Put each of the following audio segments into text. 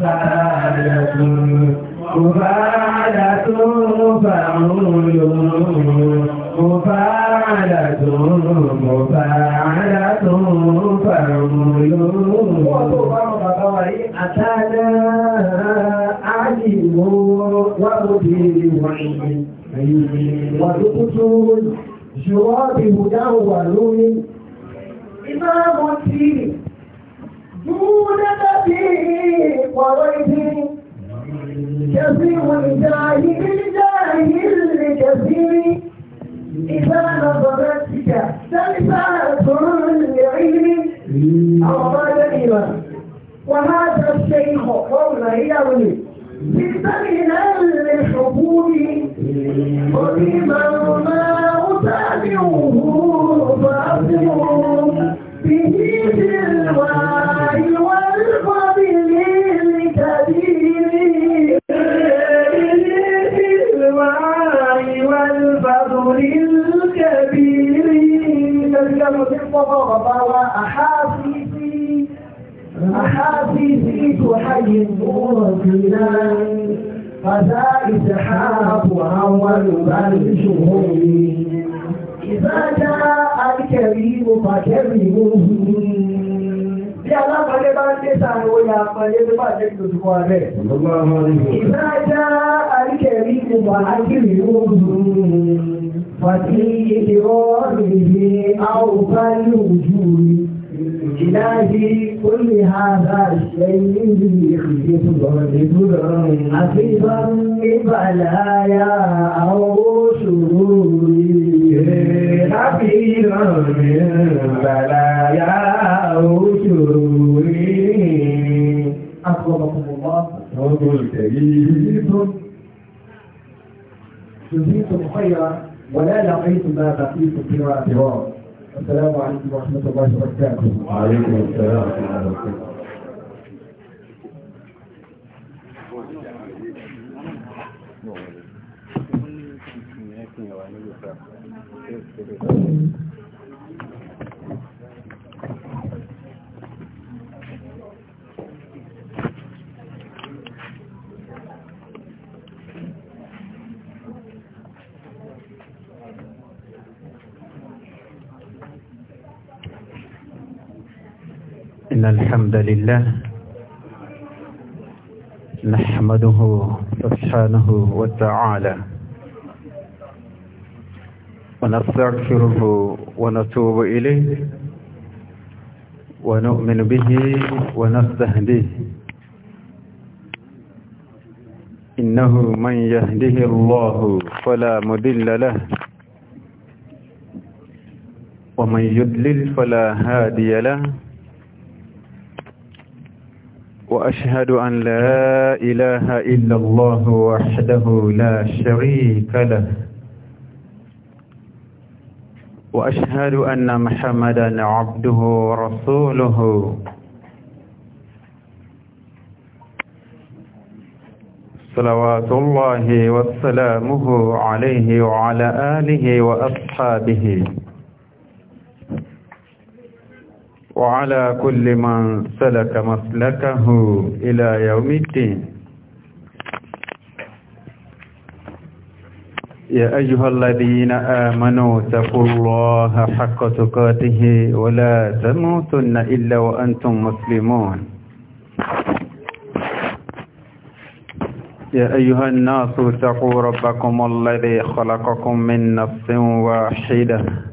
فعالة مفاعلة فعول مفاعلة مفاعلة فعول أتانا عليم ومدير وذكتور جواب هدى ونور إمام الدين مولد فيه وريه كثير الجاهل الجاهل لكثير إذا نظرتك تلفات لعلم أو ما وهذا الشيخ قول يروي بسبيلا للحبوب قديما ما أتابعه فأصبر به تلوان وأحاسيسي أحاسيسي تحيطون بنا فذا إسحاق أول من شهوري إذا جاء الكريم فكرموه Bí alápàdé bá ń dé sàrẹ̀ wo ya pàdé tó bá jẹ́ ìdòdúkọ rẹ̀. Ìbájá àríkẹ̀rí ìwà ákìrì ó وفي إدراره أوفى الوجود إلهي كل هذا الشيء حفيظا ببلايا أو شروري حفيظا من بلايا أو شروري أكرمكم الله رجل كريم جزيتم خيرا ولا لقيت ما بقيت في اعتراض السلام عليكم ورحمة الله وبركاته وعليكم السلام ورحمة الله وبركاته إن الحمد لله نحمده سبحانه وتعالى ونستغفره ونتوب إليه ونؤمن به ونستهديه إنه من يهده الله فلا مدل له ومن يدلل فلا هادي له وأشهد أن لا نعم. إله إلا الله وحده لا شريك له وأشهد أن محمدا عبده ورسوله صلوات الله وسلامه عليه وعلى آله وأصحابه وعلى كل من سلك مسلكه إلى يوم الدين يا أيها الذين آمنوا اتقوا الله حق تقاته ولا تموتن إلا وأنتم مسلمون يا أيها الناس اتقوا ربكم الذي خلقكم من نفس واحدة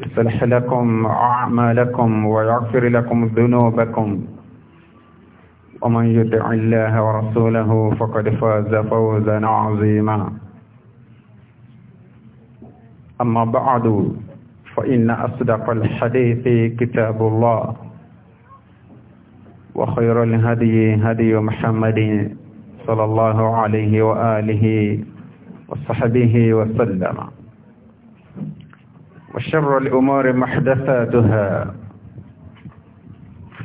يصلح لكم أعمالكم ويغفر لكم ذنوبكم ومن يدع الله ورسوله فقد فاز فوزا عظيما أما بعد فإن أصدق الحديث كتاب الله وخير الهدي هدي محمد صلى الله عليه وآله وصحبه وسلم وشر الأمور محدثاتها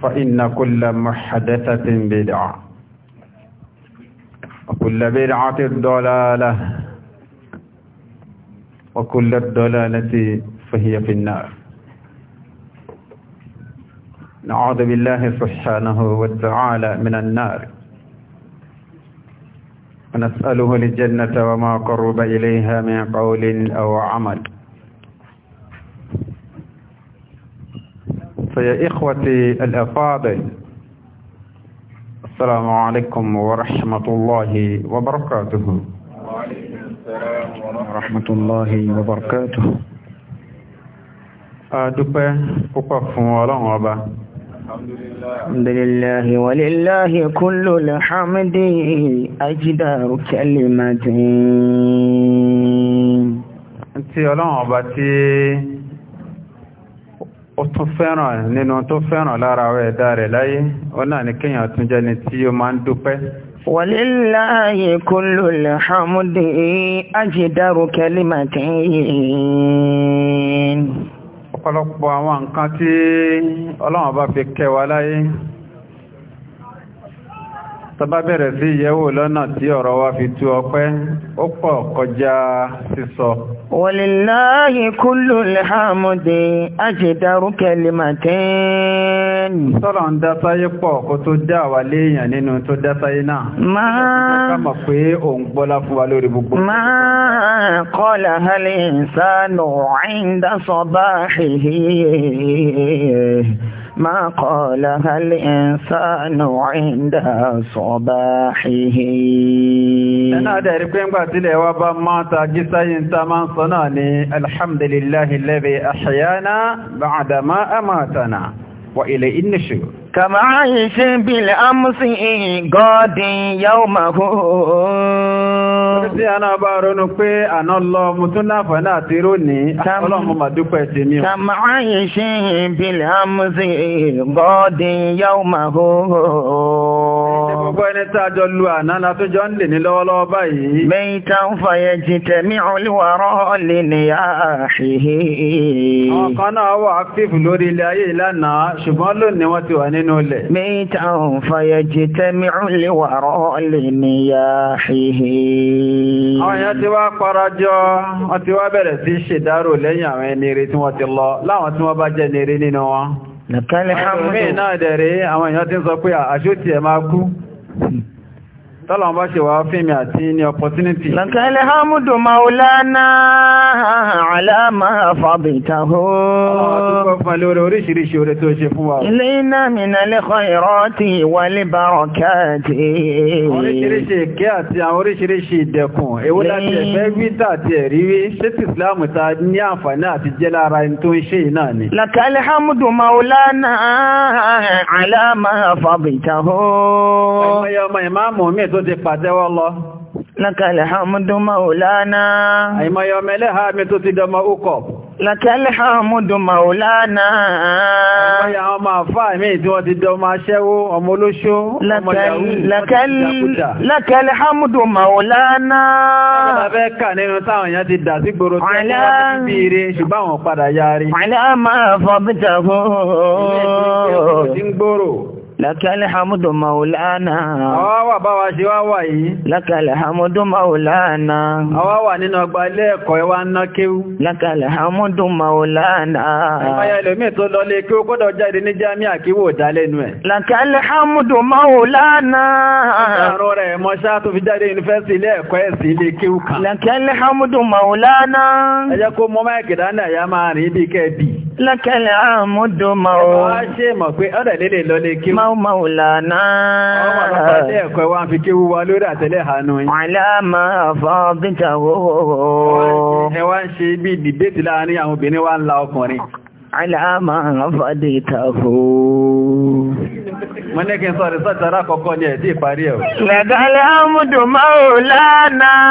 فإن كل محدثة بدعة وكل بدعة ضلالة وكل الضلالة فهي في النار نعوذ بالله سبحانه وتعالى من النار ونسأله الجنة وما قرب إليها من قول أو عمل فيا إخوتي الأفاضل السلام عليكم ورحمة الله وبركاته وعليكم السلام ورحمة الله وبركاته أدوبة أقف ولغبة الحمد لله ولله كل الحمد أجدار كلمتي أنت يا لغبتي ó tún fẹ́ràn nínú tó fẹ́ràn lára rẹ̀ ẹ̀dá rẹ̀ láyé ó náà ní kíyàn tún jẹ́ni tí ó máa ń dúpẹ́ wàlíláyé kó ló lè hàmúdé ajídáró kẹlímàtí ọ̀pọ̀lọpọ̀ àwọn nǹkan tí ọlọ́run bá fi kẹwàá láyé tọba bẹ̀rẹ̀ sí yẹ̀wò lọ́nà tí ọ̀rọ̀ wa fi tú ọpẹ́ ó pọ̀ kọjá sísọ. walillahi kullul hamdi ajdaru kalimatin. sọ̀rọ̀ ń dásáyé pọ̀ kó tó dá àwa léèyàn nínú tó dásáyé náà. máa ká mọ̀ pé òun gbọ́lá fún wa lórí gbogbo. máa qala hal insanu inda sabahihi. ما قالها الإنسان عند صباحه أنا أدري كم قاتل وابا ما تاجسا ينتما صناني الحمد لله الذي أحيانا بعدما أماتنا وإليه النشور kàmá ìṣe bílẹ̀ amúsí gọ́ọ̀dì yàó máa hó tí a náà bá ronú pé àná lọ mú tún láfàánà àti rónì ọlọ́mù màdúpẹ̀ sí mi kàmá ìṣe bílẹ̀ amúsí gọ́ọ̀dì yàó máa hó gbogbo ẹni tí a jọ lu àná la tó jọ ń lè ní lọ́wọ́lọ́wọ́ báyìí mẹ́ta ń fàyẹ jì tẹ̀mí olúwarọ́ lè ní àṣìhì ọkàn náà wà áktífù lórí ilẹ̀ ayé ìlànà ṣùgbọ́n lónìí wọ́n ti wà nínú nínú ilẹ̀. mẹ́ta òun fàyẹ̀ jẹ tẹ́mi òlè wàrọ̀ lè níyà ṣìhì. àwọn èèyàn ti wá parajọ wọ́n ti wá bẹ̀rẹ̀ sí ṣèdárò lẹ́yìn àwọn ẹni tí wọ́n ti lọ láwọn tí wọ́n bá jẹ́ ní nínú wọn. nàkàlẹ̀ hàmúdù. àwọn èèyàn ti ń sọ pé àṣó tiẹ̀ máa kú tọ́lọ̀ bá ṣe wà fíìmì àti ní opportunity. lọ́kẹ́lẹ̀ hamdu maulana alama fàbìtàhó. ọ̀tọ́kọ́ fún lórí oríṣiríṣi orí tó ṣe fún wa. ilé iná minal khairati wal barakati. oríṣiríṣi ìkẹ́ àti àwọn oríṣiríṣi ìdẹ̀kùn ewu àti ẹ̀rí wí ṣé alama fàbìtàhó tó ti pàtẹ́wọ́ lọ. Lakal hamdu maulana. Àìmọ̀yọ̀ mẹ́lẹ́ha mi tó ti dọmọ ókọ̀. Lakal hamdu maulana. Àìmọ̀yọ̀ ọmọ àfá mi tí wọ́n ti dọmọ aṣẹ́wó, ọmọ olóṣó, Lákàlẹ̀ Hamudu Maulana. Àwa wà bá wa ṣe wá wà yìí. Lákàlẹ̀ Hamudu Maulana. Àwa wà nínú ọgbà ilé ẹ̀kọ́ ìwà ń ná kéwú. Lákàlẹ̀ Hamudu Maulana. Ìmáyà ẹlòmíì tó lọ lé kéwú kódà jáde ní Jamiu Akiwo dá lẹ́nu ẹ̀. Lákàlẹ̀ Hamudu Maulana. Ìjàrún rẹ̀ mọ́ṣá tó fi jáde yunifásitì ilé ẹ̀kọ́ ẹ̀sìn ilé kéwú kan. Lákàlẹ̀ Hamudu Maulana. Ẹ jẹ́ kó mọ́ máìkì dáná ẹ̀yà máa maulana. Ọmọ àpapọ̀ ilé ẹ̀kọ́ wa ń fi kéwú wa lórí àtẹ́lẹ̀ àánú yìí. Àlámà fọ́bítà wó. Ẹ wá ń ṣe bí dìbéètì láàárín àwọn obìnrin wa ń la ọkùnrin aláàmà àfàdé ìtàfò. Mo ní kí n sọ rí sọ́tara kọ̀kọ́ ní ẹ̀dí ìparí ẹ̀. Lẹ̀gálẹ̀ àmúdò máa ò lánàá,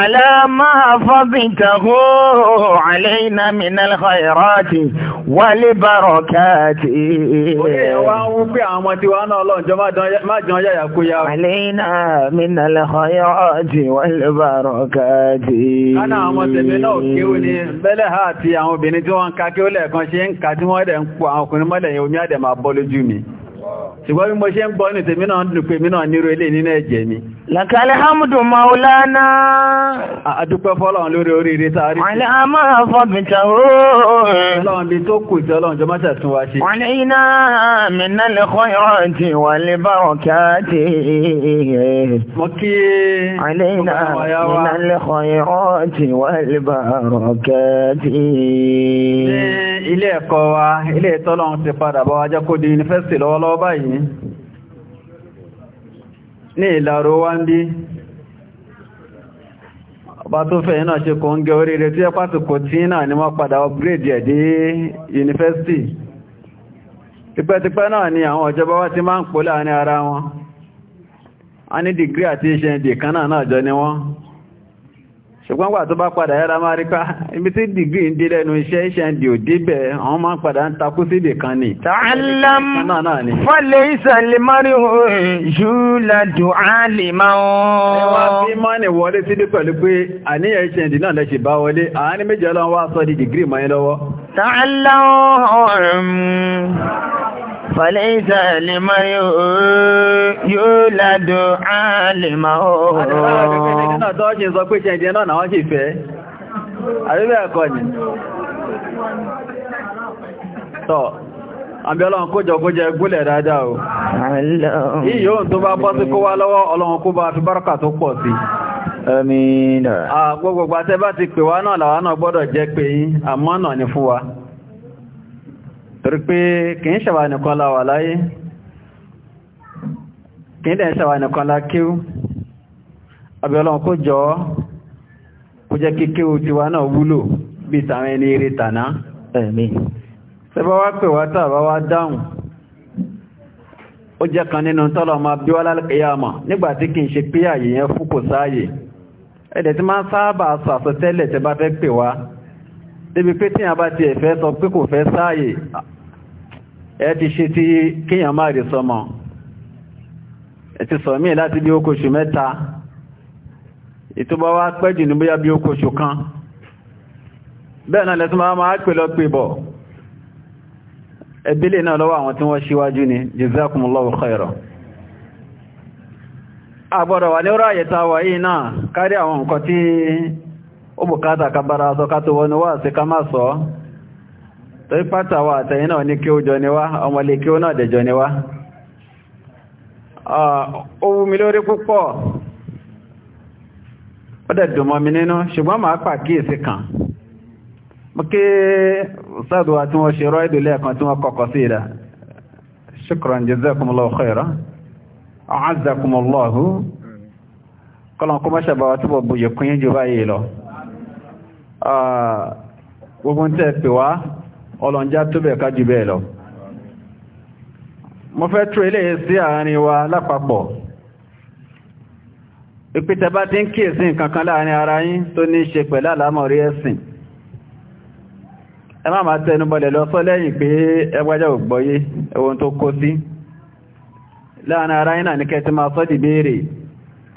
aláàmà àfàdé ìtàfò, àlẹ́yìnà mìnàlẹ́kọ̀ wálé bàrọ̀ káàtì. Oye, àwọn ọmọ náà lọ́njọ́ má jọ yàyà kó yá. Àlẹ́yìnà mìnàlẹ́kọ̀ ìrọ́tì, wálé ka kí ó lẹ̀kan ṣe ń ka tí wọ́n rẹ̀ ń pọ̀ àwọn ọkùnrin mọ́lẹ̀ yẹn omi àdẹ̀mà bọ́ mi ṣùgbọ́n bí mo ṣe ń bọ́ ní tèmi náà dùn mi náà nírò ilé nínú ẹ̀jẹ̀ mi. làkàlẹ̀ hamdu maulana. àdúpẹ́ fọ́lọ́run lórí oríire sáré. wọ́n lè a máa fọ́ bìtà ooo. ọlọ́run bí tó kù sí ọlọ́run jọ máṣe tún wa ṣe. wọ́n lè iná mi náà lè kọ́ ìrọ̀ ti ilé ẹ̀kọ́ wa ilé ìtọ́lọ́run ti padà bọ́ wájá di yunifásitì lọ́wọ́lọ́wọ́ báyìí ni ní ìlàrò wá ń bí ọba tó fẹ́ iná ṣe kò ń gẹ oríire tí ẹpàtùkò tí náà ni wọ́n padà upgrade ẹ̀ dé yunifásitì tipẹ́tipẹ́ náà ni àwọn ìjọba wá ti máa ń pò láàrin ara wọn a ní dìgírí àti iṣẹ́ ìdìkan náà náà jọ ni wọ́n ṣùgbọ́n wà tó bá padà yára máa rí pa ah, ibi tí dìgbì ń dé lẹ́nu iṣẹ́ iṣẹ́ ń di òdí bẹ̀ àwọn máa ń padà ń takú síbì kan ni. ta'allam falaysa limar'i julatu alima. ẹ wá bí mọ́ni wọlé sílé pẹ̀lú pé mọ́ تعلوهم فليس لمن يولد عالما àbí ọlọ́run kó jọ kó jẹ gúlẹ̀ dáadáa o. Yíyí yóò tó bá bọ́ sí kó wá lọ́wọ́ ọlọ́run kó bá fi bárọ́kà tó pọ̀ sí. àmín. Gbogbo àtẹ́ bá ti pè wá náà làwa náà gbọ́dọ̀ jẹ́ pé yín, àmọ́ náà ni fún wa. Torí pé kì ń ṣàwà nìkan la wà láyé, kì ń dẹ̀ ṣàwà nìkan la kíw. Àbí Ọlọ́run kó jọ kó jẹ́ kíkíw tiwa náà wúlò bí tàwọn ẹni eré tàná. Àmín. Sẹ́bá wá pè wá tàbá wá dáhùn ó jẹ́ kan nínú tọ́lọ̀ máa bí wá lálẹ́kẹ̀yà mọ̀ nígbàtí kí n ṣe pé àyè fún kò sáàyè ẹ̀dẹ̀ tí máa ń sáábà sàsọ tẹ́lẹ̀ tẹ́ bá fẹ́ pè wá débi pé tí yàn bá ti ẹ̀fẹ́ sọ pé kò fẹ́ sáàyè ẹ ti ṣe tí kíyàn máa rí sọmọ ẹ ti sọ mí láti bí okòṣù mẹ́ta ìtúbọ̀ wá pẹ́jù ní bóyá bí okòṣù kan bẹ́ẹ̀ náà lẹ́tún máa máa pè lọ pè bọ̀ ẹbílẹ̀ náà lọ́wọ́ àwọn tí àgbọ̀dọ̀ wà ní ó ráyẹ̀ ta wà yìí náà kárí àwọn nǹkan tí ó bùkátà kabara sọ ká tó wọnú wà sí ká má sọ torí pátà wà àtẹ̀yìn náà ní kí ó jọ níwá ọmọlé kí ó náà dẹ̀jọ níwá ó wú mi lórí púpọ̀ ó dẹ̀ dùn mọ́ mi nínú ṣùgbọ́n màá pàkíyèsí kan mo kí sáàdùwà tí wọ́n ṣe rọ́ àázàkùnmọ̀lọ́hù kọlọ̀kọ́ mọ́ṣàbáwà túbọ̀ bòyè kún yín jù báyìí lọ gbogbo tẹ́ pè wá ọlọ́njá tó bẹ̀ ká jù bẹ́ẹ̀ lọ mo fẹ́ tó ilé sí àárín wa lápapọ̀ ìpìtẹ̀ bá ti ń kíyèsí nǹkankan láàrin ara yín tó ní ṣe pẹ̀lú àlámọ̀rí ẹ̀sìn ẹ má máa tẹnubọlẹ̀ lọ sọ lẹ́yìn pé ẹgbájá ògbọ́yé ẹwọ́n tó kó sí láàrin ara yínà ní kẹtí máa sọ́dì béèrè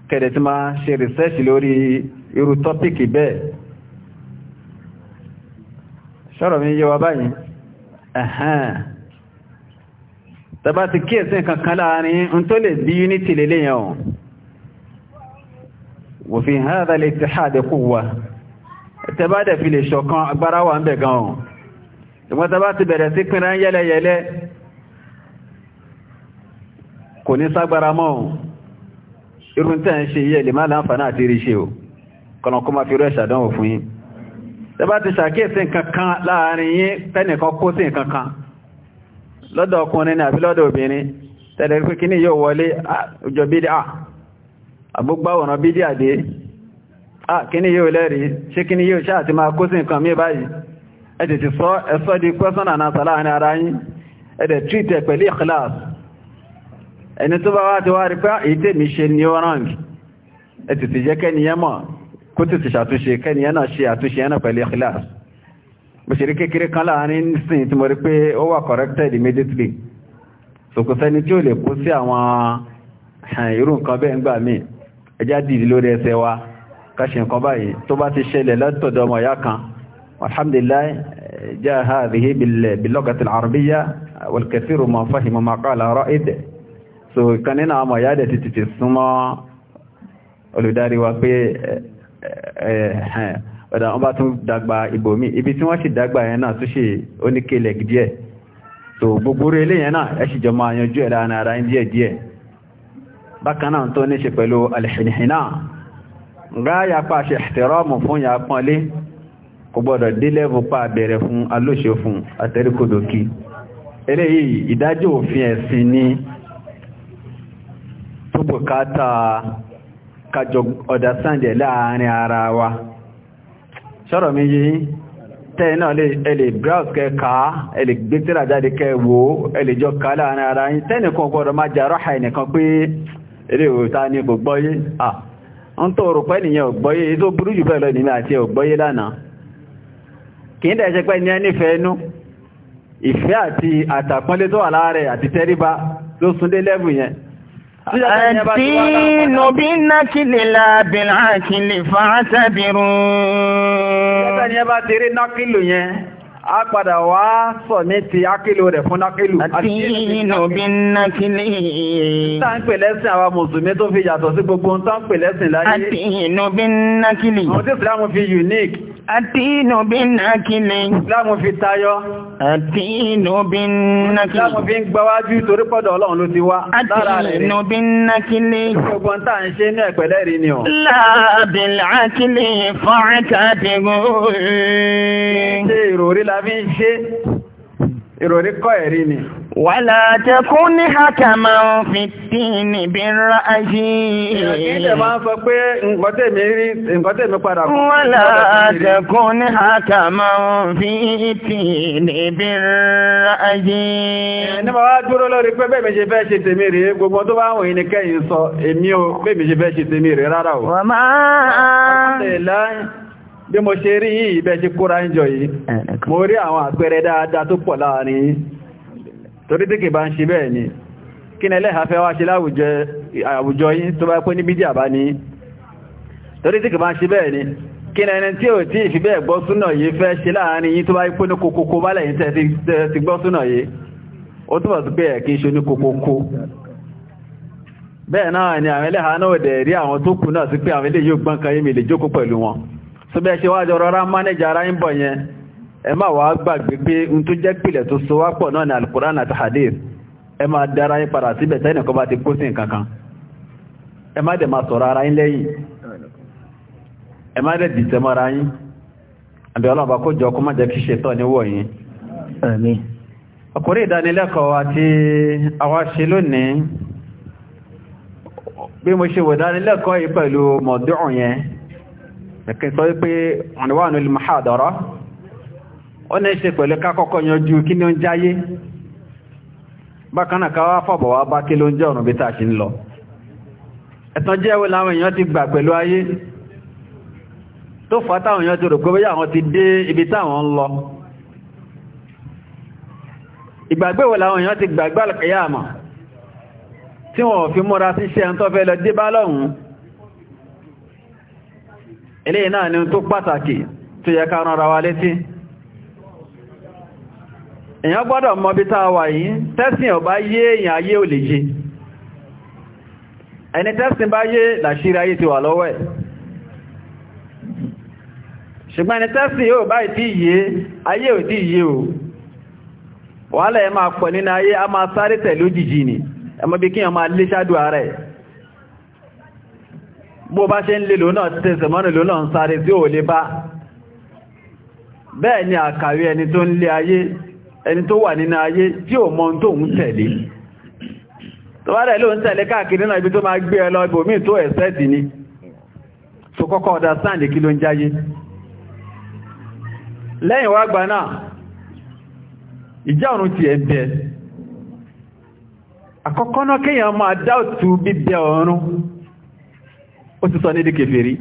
kẹ̀dẹ̀ tí máa ṣe research lórí irú tọ́pìkì bẹ́ẹ̀ ṣọ́rọ̀ mi yé wa báyìí ẹ̀hẹ́n tàbá ti kíyèsí nǹkan kan láàrin ń tó lè bí unity lélẹ́yàn ọ̀ وفي هذا الاتحاد قوة tẹbá dẹ̀ fi lè ṣọ̀kan agbára wà ń bẹ̀ gan-an ìwọ́n tẹbá ti bẹ̀rẹ̀ sí pínrán yẹ́lẹ́yẹ́lẹ́ kò ní ságbára mọ́ irun tẹ́ ń ṣe yẹ lè má láǹfààní àti rí ṣe o kọ̀nà kó ma fi rẹ̀ ṣàdánwò fún yín tẹ́bá ti ṣàkíyèsí nǹkankan láàrin yín fẹ́nìkan kó sí nǹkankan lọ́dọ̀ ọkùnrin ni àbí lọ́dọ̀ obìnrin tẹ́lẹ̀ pé kí ní yóò wọlé ọjọ́ bídí à àgbógbáwòrán bídí àdé à kí ní yóò lẹ́rìí ṣé kí ní yóò ṣáà ti máa kó sí nǹkan mí báyìí ẹ tètè sọ ẹ̀sọ́ di pẹ́sọ́nà náà sàláàrin ara yín ẹ̀dẹ̀ tíìtẹ̀ pẹ̀lú ìkìláàsì ẹni tó bá wá ti wá rí pé ah, ètè mi ṣe ní orange ẹ tètè jẹ́ kẹ́niyàn mọ̀ kó tètè ṣàtúnṣe kẹ́niyàn náà ṣe àtúnṣe yẹn náà pẹ̀lú ikhlas mo ṣe rí kékeré kan láàrin nísìn tí mo rí pé ó wà corrected immediately sòkò sẹ́ni tí ó lè kó sí àwọn eh, irú nǹkan bẹ́ẹ̀ ń gbà míì ẹjá dìdí lórí ẹsẹ̀ wa ká nǹkan báyìí tó bá ti ṣẹlẹ̀ látọ̀dọ̀ ọmọ ìyá kan alhamdulillah jaa hadhihi bil-lughati al-arabiyyah wal-kathiru man fahima ma so ìkan nínú ọmọ ìyáde ti tètè súnmọ́ olùdarí wa pé ọ̀dà wọn bá tún dàgbà ibòmí ibi tí wọ́n sì dàgbà yẹn náà tún ṣe oníkèlè díẹ̀ so gbogbo orí eléyẹn náà ẹ sì jọ máa yanjú ẹ̀ láàrin ara díẹ̀ díẹ̀ bákan náà tó ní ṣe pẹ̀lú alìhìnìhìnà pa ṣe ìhtìrọ́mù ya pọ́nlé kò gbọ́dọ̀ délẹ́bù pa bẹ̀rẹ̀ fún alóṣe bùkátà kájọ ọ̀dásánjẹ̀ láàrin ara wa ṣọ́rọ̀ mi yìí tẹ́yìn náà browse kẹka ẹlẹ̀ gbẹ́tẹ́rà jáde kẹwò ẹlẹ̀ jọ ká láàrin ara yìí tẹ́nì kan gbọ́dọ̀ má jà rọ́hà ẹnìkan pé ní à ń tó rò pẹ́ nìyẹn tó burú jù bẹ́ẹ̀ lọ nìyẹn àti lánàá kì í dẹ̀ ṣe pẹ́ ní ìfẹ́ àti tó wà láàrẹ̀ àti tẹ́ríba ló lẹ́bù Àdínú bí nákìlì lábìlá àkìlì fàátàbìrú. Ẹgbẹ́ ni ẹ bá ti rí nákìlì yẹn, a padà wá sọ ní ti ákìlò rẹ̀ fún nákìlù. Àdínú bí nákìlì. Tá ń pè lẹ́sìn àwa Mùsùlùmí tó fi yàtọ̀ sí gbogbo ohun tó ń pè lẹ́sìn láyé. Àdínú bí nákìlì. Àwọn tí Ìsìlámù fi unique. Àtínú bí nákìlẹ̀. Láàmù fi tayọ. Àtínú bí nákìlẹ̀. Láàmù fi ń gbáwájú torí pọ̀dọ̀ Ọlọ́run ló ti wá. Àtínú bí nákìlẹ̀. Ṣogbọ́n tá ń ṣe ní ẹ̀pẹ̀lẹ́ rí ni ọ̀. Láàbìlá kílẹ̀ fọ́nká ti gún. Ṣé ìròrí la fi ń ṣe? ìròrí kọ́ ẹ̀rí ni. wàlá tẹkún ní hakama fìtín níbi ńlá ayé. ìròkìtẹ̀ máa ń sọ pé nkọ́tẹ̀mí rí padà fún. wàlá tẹkún ní hakama fìtín níbi ńlá ní gbogbo bá ń wòye ní kẹ́yìn sọ o bí mo ṣe rí yìí bẹ́ ṣe kóra ń jọ yìí mo rí àwọn àpẹẹrẹ dáadáa tó pọ̀ láàrin torí tí bá ń ṣe bẹ́ẹ̀ ni kí ni ẹlẹ́ha fẹ́ wá ṣe láwùjọ yìí tó bá pẹ́ ní bídí àbá ní torí tí kì bá ń ṣe bẹ́ẹ̀ ni kí ni ẹni tí ò tí ìfi bẹ́ẹ̀ gbọ́ súnà yìí fẹ́ ṣe láàrin yìí tó bá ni àwọn ẹlẹ́ha náà dẹ̀ rí àwọn tó kù náà sí pé àwọn ilé tó bẹ́ ṣe wájọ rọra mánéjà ara ń bọ̀ yẹn ẹ má wàá gbàgbé pé n tó jẹ́ pìlẹ̀ tó so wá pọ̀ náà ní alukuran àti hadith ẹ má dára yín padà síbẹ̀ tẹ́nì kan bá ti kó sí nǹkan kan ẹ má dẹ̀ máa sọ̀rọ̀ ara yín lẹ́yìn ẹ dẹ̀ dìtẹ̀ mọ́ra yín àbí ọlọ́ọ̀bá kó jọ kó má jẹ́ kí ṣetán níwọ̀ yín ọkùnrin ìdánilẹ́kọ̀ọ́ àti àwọn ṣe lónìí bí mo ṣe wò dánilẹ́kọ̀ọ́ yìí pẹ̀lú mọ̀dún yẹn ẹ̀kẹ́ sọ wípé ọ̀nàwọ̀nà lè máa dọ̀rọ̀ ó ní ṣe pẹ̀lú kákọ́kọ́ yanjú kí ní ó ń jáyé bákanáà ká wá fọ̀bọ̀ wá bá kí ló ń jẹ́ ọ̀nà bí tàà ṣe ń lọ ẹ̀tàn jẹ́ ẹwẹ́ láwọn èèyàn ti gbà pẹ̀lú ayé tó fà táwọn èèyàn ti rò pé bóyá àwọn ti dé ibi táwọn ń lọ ìgbàgbéwò láwọn èèyàn ti gbàgbà kìyàmà tí wọ́n fi múra síṣẹ́ ń tọ́fẹ́ lọ dé bá lọ́hùn-ún eléyìí náà ni tó pàtàkì tó yẹ ká rán wa létí èyàn gbọ́dọ̀ mọ̀ bí tá wà tẹ́sìn ọba yé èyàn ayé ò lè yé ẹni tẹ́sìn bá yé làṣírí ayé ti wà lọ́wọ́ ẹ̀ ṣùgbọ́n ẹni tẹ́sìn yóò bá ìtí yé ayé ò tí o wàhálà ẹ máa pọ̀ nínú ayé a máa sáré tẹ̀lú jìjì ni ẹmọ bí kíyàn máa lé ara ẹ̀ bó bá ṣe ń lè lò náà tẹ́sẹ̀ mọ́nà lò náà ń sáré tí ó lè bá bẹ́ẹ̀ ni àkàrí ẹni tó ń lé ayé ẹni tó wà nínú ayé tí ò mọ̀ tó ń tẹ̀lé tó bá rẹ̀ ló ń tẹ̀lé káàkiri náà ibi tó máa gbé ẹ lọ tó ẹ̀sẹ́ dì ní tó kọ́kọ́ ọ̀dá sáàndì kí ló ń jáyé lẹ́yìn wá gbà náà ìjá ọ̀run ti ẹ̀ àkọ́kọ́ náà kéèyàn máa dáòtú bíbẹ̀ ọ̀run ó ti sọ ní di kèfèrí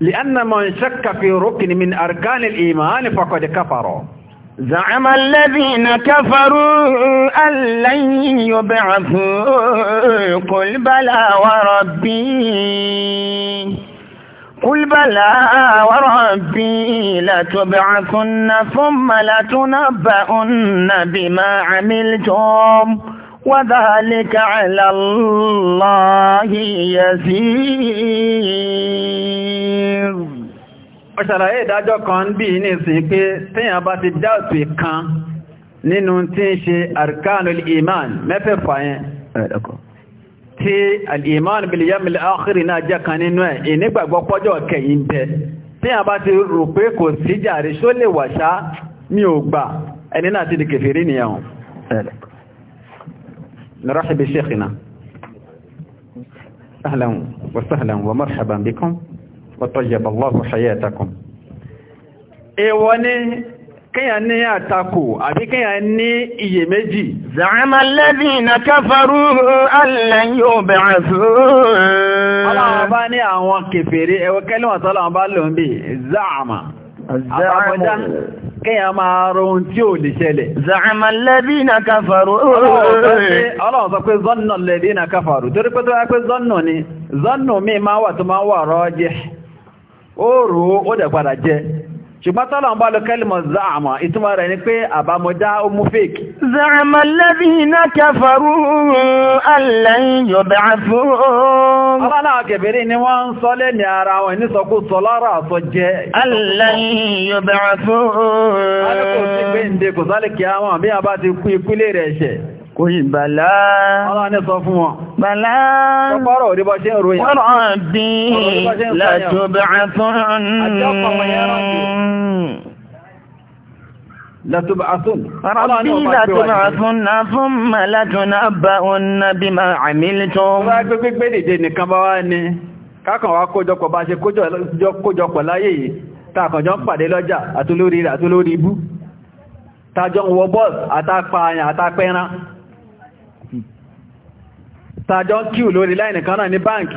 لأن من شك في ركن من أركان الإيمان فقد كفر زعم الذين كفروا أن لن يبعثوا قل بلى وربي قل بلى وربي لتبعثن ثم لتنبؤن بما عملتم وذلك على الله يسير ọ̀ṣàlàyé ìdájọ́ kan ń bí ní ìsìn pé tíyàn bá ti dáòtù ìkan nínú tí ń ṣe arkanul iman mẹ́fẹ̀fà yẹn tí al'iman bil yamil akhiri náà jẹ́ kan nínú ẹ̀ ìnígbàgbọ́ pọ́jọ́ kẹ̀yìn bẹ tíyàn bá ti rò pé kò sí jàrí ṣó lè wàṣá ní ògbà ẹni náà ti di kèfèrí nìyàn نرحب بشيخنا أهلا وسهلا ومرحبا بكم وطيب الله حياتكم èèwọ̀ ni kíyàn ní àtakò àbí kíyàn ní iyèméjì. zàmà lẹ́dìnà káfàrú alẹ́ yóò bẹ̀rẹ̀ fún. ọlọ́run bá ní àwọn kèfèrè ẹwọ́kẹ́lẹ́wọ̀n tọ́lọ́run bá lòun bí zàmà àtàkọjá kéèyàn máa ro ohun tí ò lè ṣẹlẹ̀. za'ama alladhina kafaru. ọlọ́run sọ pé zọ́nà alladhina kafaru torí pé tó yá pé zọ́nà ni zọ́nà mi máa wà tó máa wà rọ́ọ́jẹ́ ó rò ó dẹ̀ padà jẹ́ ṣùgbọ́n tọ́lọ̀ ń bá lọ kẹ́lìmọ̀ záàmà ìtumọ̀ rẹ̀ ni pé àbámọ́dá ó mú záàmà alladhina kafaru allan yub'athu. ọlọ́láwọ̀ kẹfẹ́rí kò yí bàlá ọlọ́ni sọ fún wọn bàlá ọpọ́rọ̀ òdíbọ́ ṣe ń ròyìn ọ̀rọ̀ bí látọ̀bẹ̀ẹ́ fún لتبعثن ربي لتبعثن ثم لتنبؤن بما عملتم kákan wá kójọpọ̀ bá ṣe kójọpọ̀ láyé yìí tàkànjọ́ ń pàdé lọ́jà àtúlórí ibú tàjọ ń wọ bọ́ọ̀sì àtàpààyàn àtàpẹ́ran tàjọ ń kíù lórí láìnì kan náà ní báǹkì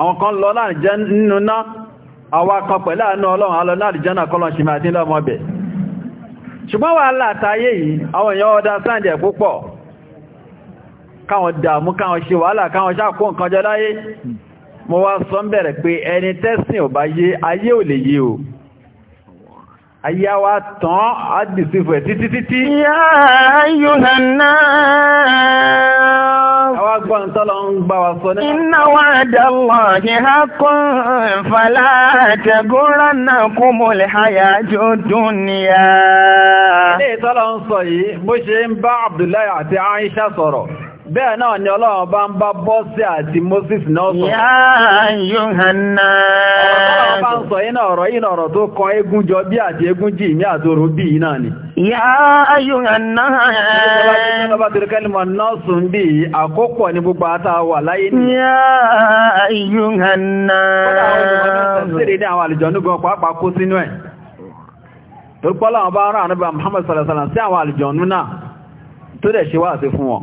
àwọn kan lọ láàrìjẹ́ nínú náà àwakọ̀ pẹ̀lú àánú ọlọ́run alọ láàrìjẹ́ náà kọ́lọ̀ ṣe máa dín ṣùgbọ́n wà látàáyé yìí àwọn èèyàn ọdá sáàdì ẹ̀ púpọ̀ káwọn dààmú káwọn ṣe wàhálà káwọn ṣàkó nǹkan jọ láyé mo wá sọ bẹ̀rẹ̀ pé ẹni tẹ́sìn ò bá yé ayé ò lè yé o Ayá tán á dìsífẹ̀ títí títí. Yá náà. Àwọn agbọ́n tọ́lọ ń gbà wà sọ ní. Inna wa'dallahi haqqun fala taghurrannakumul hayatud dunya. Ilé ìtọ́lọ ń sọ yìí, bó ṣe ń bá Abdullahi àti Aisha sọ̀rọ̀. bẹ́ẹ̀ náà ni ọlọ́run bá ń bá bọ́sí àti moses náà sọ. yá yohana. ọ̀rọ̀ bá ń sọ iná ọ̀rọ̀ iná ọ̀rọ̀ tó kọ eégún jọ bí àti eégún jì ní àtòrò bí ni. yá ọba tó kẹ́lí mọ nọ́ọ̀sù ń ní gbogbo ata wà láyé ni. yá bá rán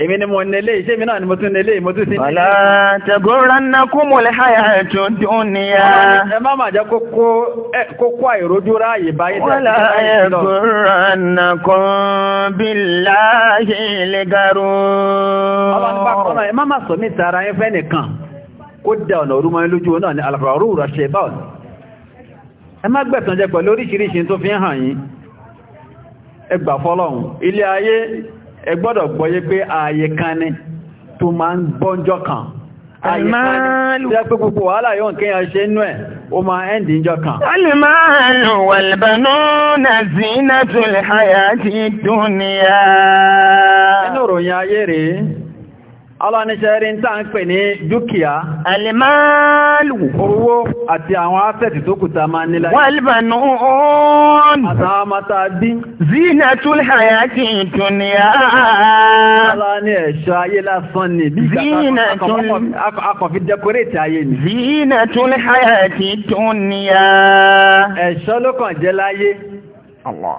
èmi ni mo nílé iṣẹ́ mi náà ni mo tún nílé mo tún sí nílé. ọ̀la tẹ̀gọ́rán kú mo lè háyà ẹ̀tún dúnìyà. ẹ má má jẹ́ kókó àìrójú ráàyè báyìí bí láàyè lè ẹ má sọ mí tara fẹ́ nìkan kó da ọ̀nà orúmọ ẹ lójú náà ní alàrú rọ̀ṣẹ̀ báwọn. ẹ má gbẹ̀tàn jẹ pẹ̀lú oríṣiríṣi tó fi ń hàn yín ẹ ẹ gbọ́dọ̀ gbọ́yé pé ààyè kan ni tó máa ń gbọ́njọ́ kan ààyè kan ni tí pé gbogbo wàhálà yóò kéèyàn ṣe nú ẹ̀ Ọlọ́niṣẹ́ rí ń tàà ń pè ní dúkìá. Àlìmáàlù. Owó àti àwọn asẹ́tì tó kùta máa nílá. Wàlìbànú òun. Àtàwọn mata bí. Zina tún àyà kí n tún ní á. ẹ̀ṣọ́ ayé lásán ni. Zina tún. Akọ̀fi dẹkóréètì ayé ni. Zina tún àyà kí n Ẹ̀ṣọ́ ló kàn jẹ́ láyé. Allah.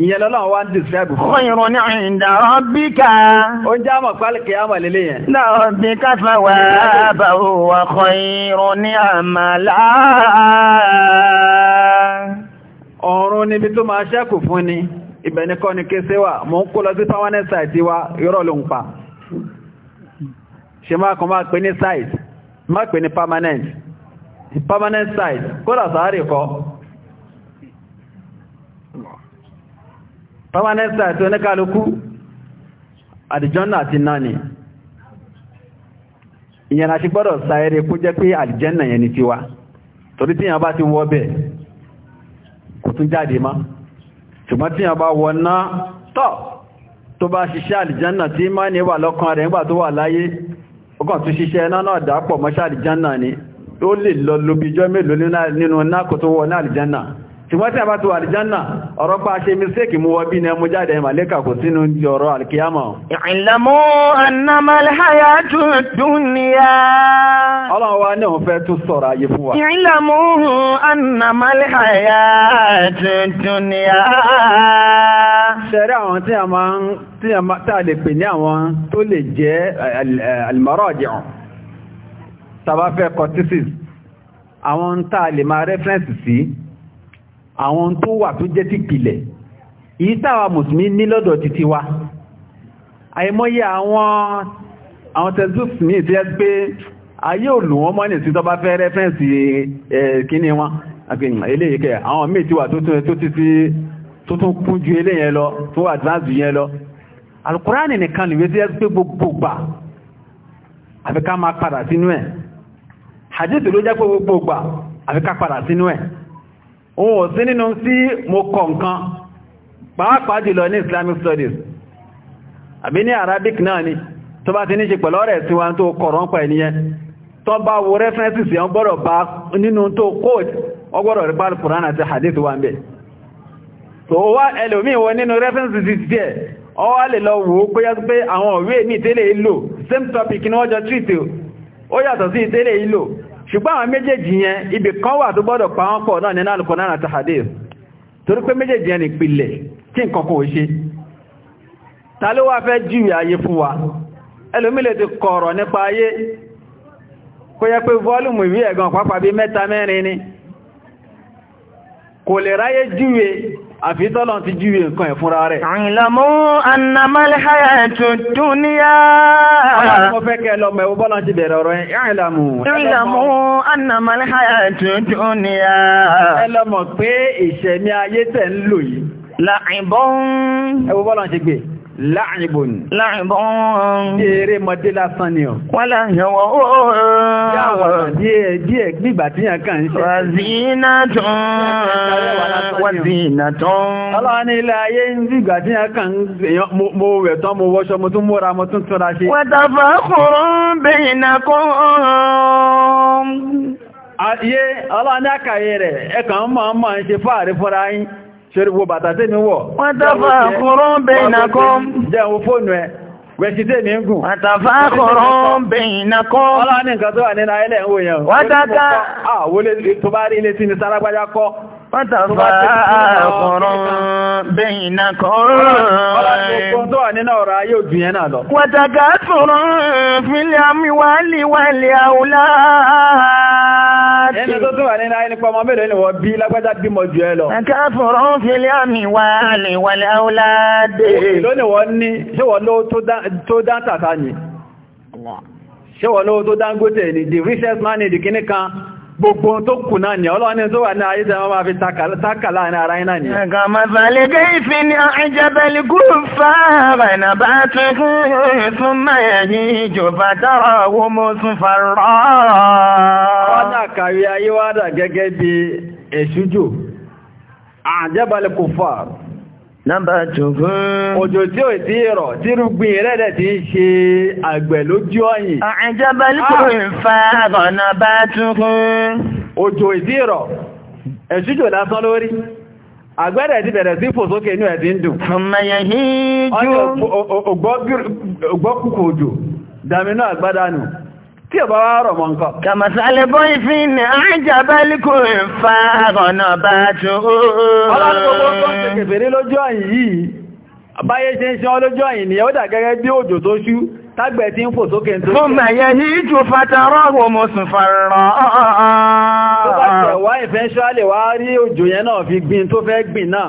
ìyẹn lọ́lọ́wọ́ wá ń describe fún. Ọ̀yìnrún ní ìdá rabbika. Ó já mọ̀ pálìkì àmà lélé yẹn. Rabbika thawaaba wa khayrun ní àmàlá. Ọ̀run níbi tó máa ṣẹ́kù fún ni, ibẹ̀ ní kọ́ ni wà, mò ń kó lọ sí permanent site wa, irọ́ ló ń pa. Ṣé máa kàn máa pè ní site, máa pè ní permanent. Permanent site, kódà sáré kọ́. pàmánẹ́sà tó ní kálukú àdìjọ́nà àti náà ni ìyẹn àti gbọ́dọ̀ sáyẹ́rẹ́ kó jẹ́ pé àdìjẹ́nà yẹn ni ti wá torí tíyàn bá ti wọ́ bẹ̀ kò tún jáde má ṣùgbọ́n tíyàn bá wọ náà tọ́ tó bá ṣiṣẹ́ àlìjánà tí má ní wà lọ́kàn rẹ̀ nígbà tó wà láyé ọkàn ó lè lọ lóbi ṣùgbọ́n tí a bá ti wà ọ̀rọ̀ pa ṣe mistake mú wọ́bí ní ẹmú jáde ìmàlẹ́kà kò sínú jẹ ọ̀rọ̀ alkiyama ìlàmọ́ annamalhaya dúnníyà ọlọ́run wa ní òun fẹ́ tún sọ̀rọ̀ ayé fún wa ìlàmọ́ annamalhaya dúnníyà ṣẹ̀rí àwọn tí a máa ń lè pè ní àwọn tàbá fẹ́ kọtísìs àwọn tá a lè máa rẹ́fẹ́rẹ́nsì sí àwọn tó wà tó jẹ́ ti pìlẹ̀ yìí mùsùlùmí ní lọ́dọ̀ títí wa àìmọye àwọn àwọn textbooks ní ìtẹ́ pé ayé òlù wọn mọ́ ní sí tọ́bá fẹ́ rẹ́fẹ́ǹsì kíní wọn eléyìíkẹ́ àwọn míì tí wà tó tún kún ju eléyẹn lọ tó advance yẹn lọ alukurani nìkan lè wéṣẹ́ pé gbogbo gbà àfi ká máa padà sínú ẹ̀ hadith ló jẹ́ pé gbogbo gbà àfi padà sínú ẹ̀ òun sí nínú sí mo kọ̀ pàápàá jùlọ ní Islamic studies àbí ní Arabic náà ni tó bá ti ní ṣe pẹ̀lú ọ̀rẹ́ tí wọ́n tó kọ̀rọ̀ ń pa ènìyàn tó bá wo references yẹn gbọ́dọ̀ bá nínú tó code ọgbọ́dọ̀ rí pàlù Quran àti hadith wa ń bẹ̀ wá ẹlòmí wọ nínú references ọ same topic ṣùgbọ́n àwọn méjèèjì yẹn ibi kan wà tó gbọ́dọ̀ pa wọ́n pọ̀ náà nínú Al-Qur'an àti hadith torí pé méjèèjì yẹn nìpìlẹ̀ tí nǹkan kò ṣe ta ló wá fẹ́ jù ayé fún wa ẹlòmílẹ̀ ti kọ̀ọ̀rọ̀ nípa ayé kó yẹ pé ìwé ẹ̀gàn mẹ́ta àfi tọ́lọ̀ ti jíwé nǹkan ẹ̀ fúnra rẹ̀. ìlàmú annamal hayatud dunya. mo fẹ́ kẹ́ lọ mẹ́wọ́ bọ́lá ti bẹ̀rẹ̀ ọ̀rọ̀ ìlàmú. ìlàmú annamal hayatud dunya. pé ìṣẹ̀mí Láàrìnbòn. Láàrìnbòn. eré mọdé lásán ni ọ̀. Wọ́n láàrìnbọn ooo. díẹ̀ gbígbà tí yàn kàn ṣe. Wàzínà tán. Wàzínà tán. Ọlọ́run ní ayé ń gbígbà tí yàn kàn ń mo wẹ̀ tán mo wọṣọ mo tún múra mo tún ṣe. ṣerúgbò bàtà tí mi wọ̀. wọ́n tàfà kúrò bẹ́ẹ̀nàkọ́m. jẹ́ òun fóònù ẹ̀ wẹ̀sí tí mi ń gùn. wọ́n tàfà kúrò bẹ́ẹ̀nàkọ́m. ọlá ní nǹkan tó wà nínú ayẹ́lẹ̀ ń wò wọ́n tàkà. àwọlé tó bá rí ilé tí sárágbájá kọ́. wọ́n tàfà tó wà nínú ọ̀rọ̀ ayé yẹn náà lọ. ẹni tó tún wà nínú ayé nípa ọmọ mélòó ni wọ́n bí lágbájá bímọ jù ẹ lọ. ẹ̀ka fọ̀rọ̀ ń fi lé àmì wà lè wà lówó tó dá ni the richest man in the kìnnìkan gbogbo tó kù náà ni ọlọ́ni tó wà ní ayé tẹ́wọ́n máa fi tákàlá ní ara iná ni. ẹ̀gà màbàlẹ̀ ìfì ní ìjẹ́bẹ̀lì gúrù fàárà ìnàbà Nọ́mbà tòfún. Òjò tí ò tí rọ̀, tí rúgbìn rẹ̀dẹ̀ tí ń ṣe àgbẹ̀ lójú ọ̀yìn. Àjọba lókò ah! ń fa ọ̀nà bá túnkún. Òjò ìdí rọ̀, ẹ̀ṣújò lásán lórí. Àgbẹ̀rẹ̀ ti bẹ̀rẹ̀ sí fò sókè inú dùn. tí ò bá wá rọ̀ mọ́ nǹkan. kàmàsálẹ̀ bọ́yì fi ní àjà bẹ́líkù ìfà ọ̀nà bá tún ó. ọlọ́run gbogbo tó ń ṣe kèfèrè lójú ọ̀yìn yìí báyé ṣe ń ṣe ọ́ lójú ọ̀yìn nìyẹn ó dà gẹ́gẹ́ bí òjò tó ṣú tágbẹ̀ tí ń fò sókè tó ṣe. Fún mẹ̀yẹ ní ìjù fatarọ́ wo mo sùn fàrọ̀. Tó bá tẹ̀ wá ìfẹ́ṣọ́ lè rí òjò yẹn náà fi gbin tó fẹ́ gbin náà.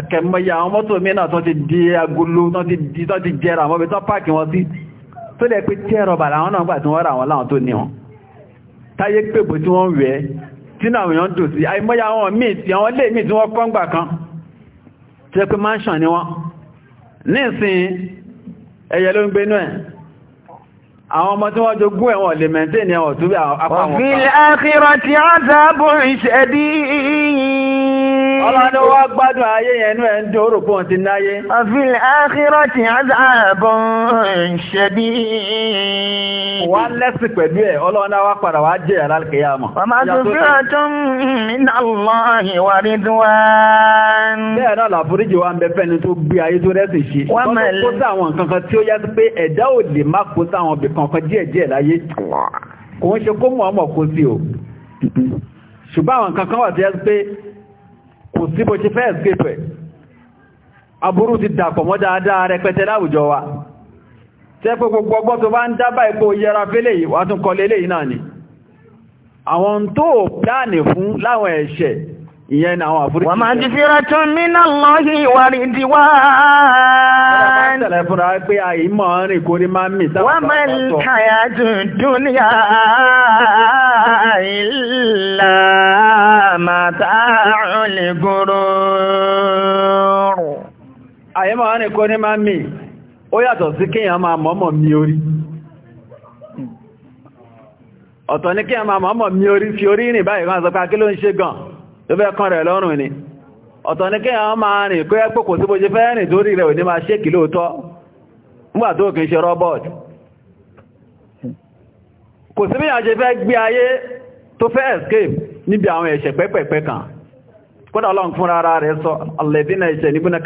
akẹmọ̀yà àwọn mọ́tò mìíràn tó ti di agolo tó ti jẹrà àwọn obìnrin páàkì wọn sí tó lẹ́ pé tí ẹ̀rọ bàrà náà gbà tí wọ́n rà wọn láwọn tó ní wọn táyé pèbò tí wọ́n wẹ́ tí náà àwọn míì tí wọ́n kọ́ ńgbà ẹ̀wọ̀n lè mẹ́ntẹ́ ni ẹ̀wọ̀n tó bí apá wọn àkírọ̀ tí wọ́n sábò ìṣẹ́dí Ọlọ́run wá gbádùn ayé yẹn inú ẹ̀ ń dùn ti náyé. Àfihàn ákírọ́tì àzàbọ̀ ṣẹ̀bí. Wà lẹ́sìn pẹ̀lú ẹ̀, Ọlọ́run padà wá jẹ́ yàrá kìyàmọ̀. Bàbá tó tó ń min Allah wa ridwan. Bẹ́ẹ̀ náà làbúríjì wa ń bẹ fẹ́ni tó gbé ayé tó rẹ́sìn ṣe. Wọ́n mọ̀ kó sáwọn nǹkan kan tí ó yá sí pé ẹ̀dá ò kò sí bó ṣe fẹ́ escape aburú ti dàpọ̀ mọ́ dáadáa pẹ̀tẹ̀ láwùjọ wa tẹ́ gbogbo ọgbọ́n tó bá ń dábàá ipò yẹra fẹ́lẹ̀ yìí wà tún kọ náà ni àwọn tó pláàni fún láwọn ẹ̀ṣẹ̀ ìyẹn àwọn àfúrí wà máa tún lọ́yìn Àtẹ̀lẹ̀ fúnra pé àyí mọ̀ rìn kó rí máa ń mì sáwọn ọ̀pọ̀. Wọ́n máa ní àìlà màtà àrùnlé mọ̀ rìn orí. fi orí rìn báyìí kan sọ pé akílò ń ṣe gan tó fẹ́ kan rẹ̀ lọ́rùn ni ọ̀tọ̀ ní kíyàn máa rìn kó yẹ pé kò sí bó ṣe fẹ́ rìn torí rẹ̀ ò ní máa ṣe kì lóòtọ́ nígbà tó kìí ṣe robot kò sí bíyàn ṣe fẹ́ gbé ayé tó fẹ́ escape níbi àwọn ẹ̀ṣẹ̀ pẹ́pẹ̀pẹ́ kan kódà ọlọ́run fún rárá rẹ̀ sọ alladhina yajtanibuna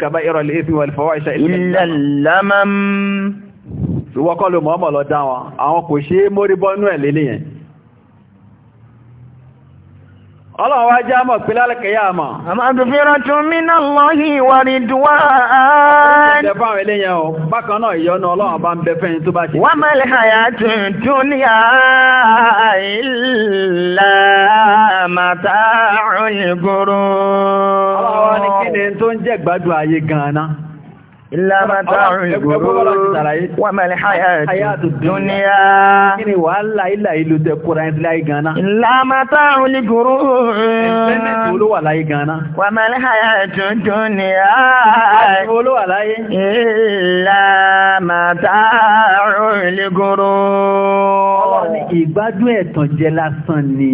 ọlọ́run wá já mọ̀ pé lálẹ́kẹ̀yà mọ̀. àmàdùfẹ́ràn tún mínà lọ́yìn ìwà rìdùwà án. ẹ̀jẹ̀ fáwọn eléyàn o bákan náà ìyọ́nà ọlọ́run bá ń bẹ fẹ́yìn tó bá ṣe. wọ́n kí ni tó ń jẹ́ gbádùn ayé gan-an náà. Ilá mátà ìgbòrò wà mẹ́lẹ̀ hayàtù dúníyà. Kí ni wàhálà ilà ìlú tẹ kóra ẹni láyé gánà? Ilá mátà ìgbòrò ẹ̀fẹ́mẹ̀tì olówà láyé gánà. Wà mẹ́lẹ̀ hayàtù dúníyà. Olówà láyé. Ilá mátà ìgbòrò. Ọlọ́ni ìgbádùn ẹ̀tàn jẹ lásán ni.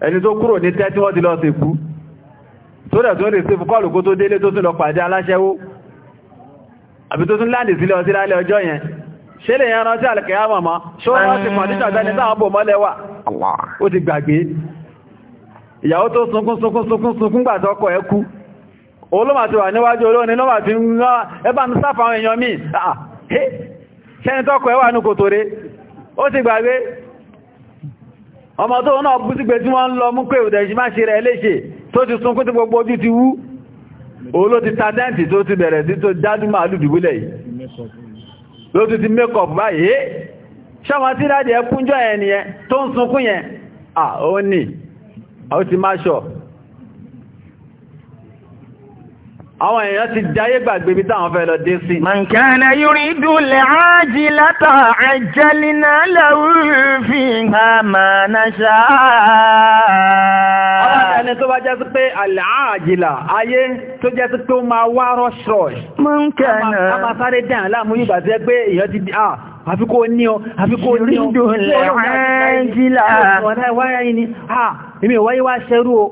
ẹni tó kúrò ní tẹ́tí wọ́n ti lọ sí kú tó dẹ̀ tó ń rèsí fún kọlù kó tó délé tó tún lọ pàdé aláṣẹ́wó àbí tó tún láàdì sílẹ̀ ọtí lálẹ́ ọjọ́ yẹn ṣe lè yẹn rántí àlẹ́kẹ̀yà mọ̀mọ́ ṣó rántí kọ̀díṣà tẹ́ni táwọn bò mọ́lẹ̀ wà ó ti gbàgbé ìyàwó tó sunkún sunkún sunkún sunkún gbà tọkọ ẹ kú olóma ti wà níwájú olóni lọ́wà ti ń rán ẹbá ń sáfà àwọn èèyàn míì ah, ah, ṣẹ́ni tọkọ ẹ wà ní kòtòrè ó ti gbàgbé ọmọ tó náà bú sígbé tí wọ́n ń lọ mú pé òdẹ̀ṣì má ṣe rẹ̀ léṣe tó ti sunkún tí gbogbo ojú ti wú oló ti tàdẹ́ǹtì tó ti bẹ̀rẹ̀ sí tó jádú màálù dùbúlẹ̀ yìí ló ti ti ah ó ní ó àwọn èèyàn ti dáyé gbàgbé bí táwọn fẹ́ lọ dé sí. mọ̀nkánà yúrí dúlẹ̀ ájì látà àjẹ́línà lẹ́wùrúfin àmànàṣà. ọlọ́dẹni tó bá jẹ́ sí pé àlàájìlà ayé tó jẹ́ sí pé ó máa wá rush-rush. mọ̀nkánà sáré dẹ̀ láàmú yìí gbàtí pé èèyàn ti àfi kó ní ọ àfi ní ọ dúlẹ̀ ájìlà. ọ̀rẹ́ wáyé ni ah èmi ò wáyé wá ṣerú o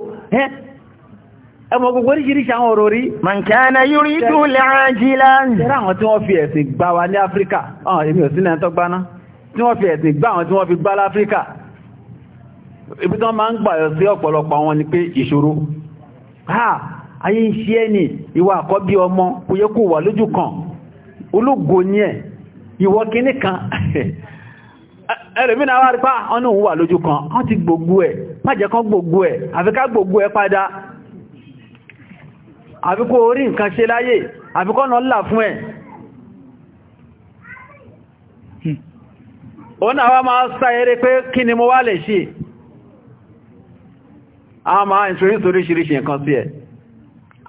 ẹmọ gbogbo oríṣiríṣi àwọn ọ̀rọ̀ rí. mọ̀nkánà yúrí tún lè rán jílá. tẹ́rẹ àwọn tí wọ́n fi ẹ̀sìn gbá wa ní áfíríkà ọ̀n èmi ò sí náà tó gbaná tí wọ́n fi ẹ̀sìn gbá àwọn tí wọ́n fi gbá láfíríkà ibi tán máa ń gbàyọ sí ọ̀pọ̀lọpọ̀ àwọn ni pé ìṣòro ha ayé ń ṣe ẹni ìwà àkọ́bí ọmọ kò yẹ kó wà lójú kan ológo ni ẹ̀ ìwọ kíní kan ẹ̀rẹ̀mínà wá rí pá ah, ọ́nà òun wà lójú kan wọ́n ti gbogbo ẹ̀ má gbogbo ẹ̀ àfikà gbogbo ẹ̀ padà àbíkó orí nǹkan ṣe láyé àbíkọ́ náà là fún ẹ̀ ó náà wá máa sá eré pé kí ni mo wá lè ṣe a máa ìṣorí ìṣoríṣiríṣi nǹkan sí ẹ̀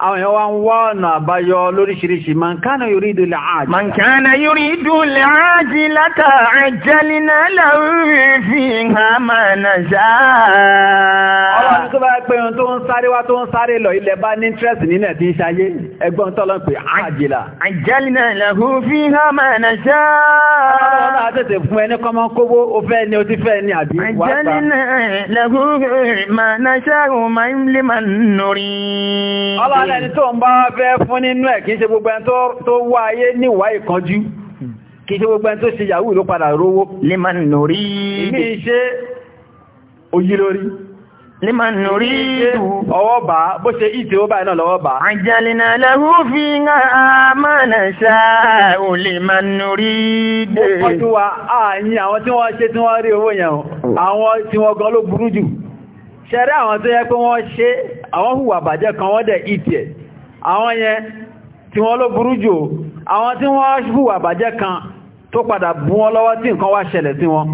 àwọn èèyàn wá ń wá ọ̀nà àbáyọ lóríṣìíríṣìí man kana yuridu al-ajila man kana yuridu al-ajilata ajjalna lahu fiha ma nasha ọlọ́run tó bá pé ohun ń sáré wá tó ń sáré interest nílẹ̀ tí ń ṣayé ẹgbọ́n tọ́lọ́ pé àjìlá ajjalna lahu fiha ma nasha ọlọ́run á tètè fún ẹni kọ́mọ́ kówó ó fẹ́ ni ó ti fẹ́ ni àbí wọ́n lẹ́ni tó ń bá fẹ́ fún nínú ẹ̀ kìí ṣe gbogbo ẹni tó wá ayé níwà ìkanjú kìí ṣe gbogbo ẹni tó ṣe yahoo ló padà rówó liman nùrí ní ṣe oyí lórí liman nùrí ọwọ́ bá bó ṣe ìtẹ́ ó báyìí náà lọ́wọ́ bá ṣẹ́rẹ́ àwọn tó yẹ pé wọ́n ṣe àwọn hùwà bàjẹ́ kan wọ́n dẹ̀ ìtẹ̀ àwọn yẹn tí wọ́n ló burú jù àwọn tí wọ́n hùwà bàjẹ́ kan tó padà bú wọn lọ́wọ́ tí nǹkan wá ṣẹlẹ̀ sí wọn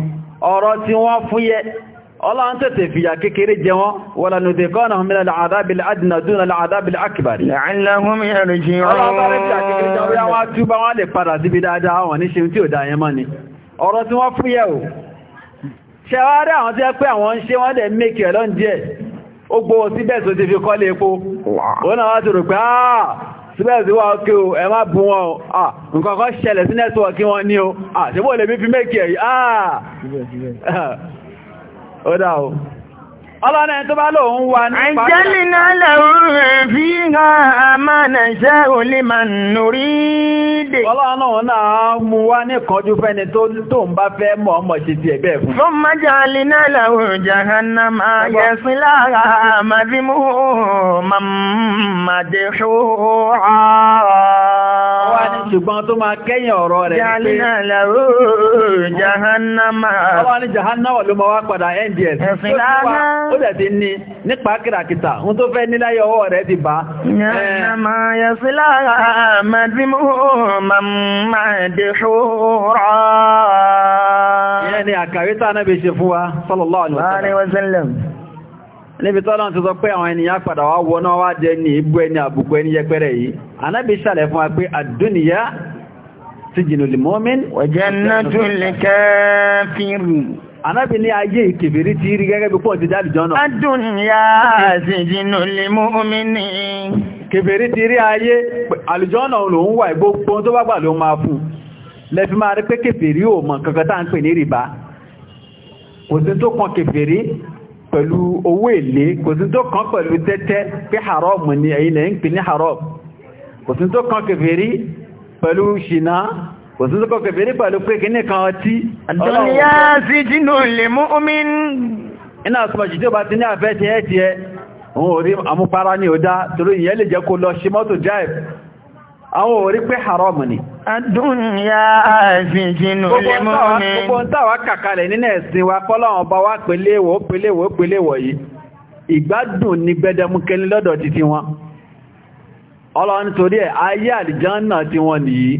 ọ̀rọ̀ tí wọ́n fúyẹ́ ọlọ́run tètè fìyà kékeré jẹ wọn wọ́la nùdé kọ́nà min al-adhab al-adna duna al-adhab al-akbar la'allahum yarji'un ọ̀rọ̀ tí wọ́n fúyẹ́ ṣẹwárí àwọn tí ẹ pé àwọn ń ṣe wọ́n dẹ̀ mẹ́kì ẹ̀ lọ́n díẹ̀ ó gbówó síbẹ̀ tó ti fi kọ́lé epo òun náà wá ti rò pé àà ah, síbẹ̀ sí wá ókè o ẹ má bú wọn o ah, nǹkan kan ṣẹlẹ̀ sí nẹ́tíwọ̀kì wọn ní o àṣẹ́bọ̀ ah, lè mí fi ọlọ́rin tó bá lóun wà ní pàdé. àjálìnà lẹ́rù rẹ̀ fi hàn àmànà iṣẹ́ olè máa nùrí dè. ọlọ́run náà mú wá ní kanjú fẹ́ni tó ń bá fẹ́ mọ̀ ọmọ ṣe ti ẹ̀bẹ̀ fún. fún májálìnà lẹ́rù jahanna máa yẹ sí lára màdìmú màmàdé ṣòro ṣùgbọ́n tó máa kẹ́yìn ọ̀rọ̀ rẹ̀ jàlínà làwó jahannama ọwọ́ ní jahannama ló ma wá padà nds ó dẹ̀ ti ní nípa kìràkìtà ohun tó fẹ́ níláyé ọwọ́ rẹ̀ ti bá Ìyẹn ni àkàrí tánàbí ṣe fún wa, sallallahu alaihi wasallam. níbi tọ́lọ́n ti sọ pé àwọn ènìyàn padà wá wọ́n náà wá jẹ ní ibú ẹni àbùkù ẹni yẹpẹrẹ yìí anábi ṣàlẹ̀ fún wa pé àdúnìyà mu'min wa anábi ní ayé ìkèfèrí ti rí gẹ́gẹ́ bí pọ̀ ti jáde mu'min ti rí ayé àlùjọ́nà wà tó bá gbà kò sí pẹ̀lú owó èlé kò sí tó kàn pẹ̀lú tẹ́tẹ́ pé haram ni ẹ̀yin lẹ́yìn pè ní haram kò sí tó pẹ̀lú ṣìnà kò sí tó pẹ̀lú pé kí nìkan ọtí àdúnyá sí jínú lè mú omi iná àsùmọ̀jì tí àwọn orí pé haram ni adúnyà àìsìnjìnú lè mú mi gbogbo ń tàwà kàkalẹ̀ nínú ẹ̀sìn wa kọ́lọ̀wọ̀n bá wá pẹ̀lẹ́wọ̀ pẹ̀lẹ́wọ̀ pẹ̀lẹ́wọ̀ yìí ìgbádùn ní gbẹdẹmúkẹni lọ́dọ̀ títí wọn ọlọ́run torí ẹ̀ ayé àlìjánà tí wọ́n nìyí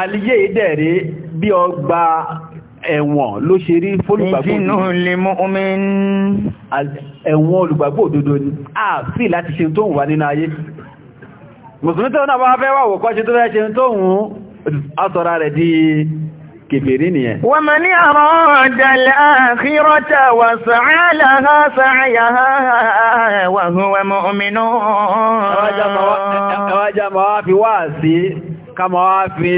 aliyé ìdẹ̀rẹ́ bí ọgbà ẹ̀wọ̀n ló ṣe rí fólùgbàgbò ẹ̀wọ̀n olùgbàgbò òdodo ni a fi láti ṣe tó mùsùlùmí tó náà bá fẹ́ wà wò kọ́ṣe tó fẹ́ ṣe tó hùn asọ́ra rẹ̀ di kèfèrí nìyẹn wọ́n mọ̀ ní àwọn ọ̀dàlẹ̀ àkírọ́ta wà sàálàá sàáyàá wà hùwà mọ̀ọ̀mìnà ẹwàjá ma wá fi wá sí ká ma wá fi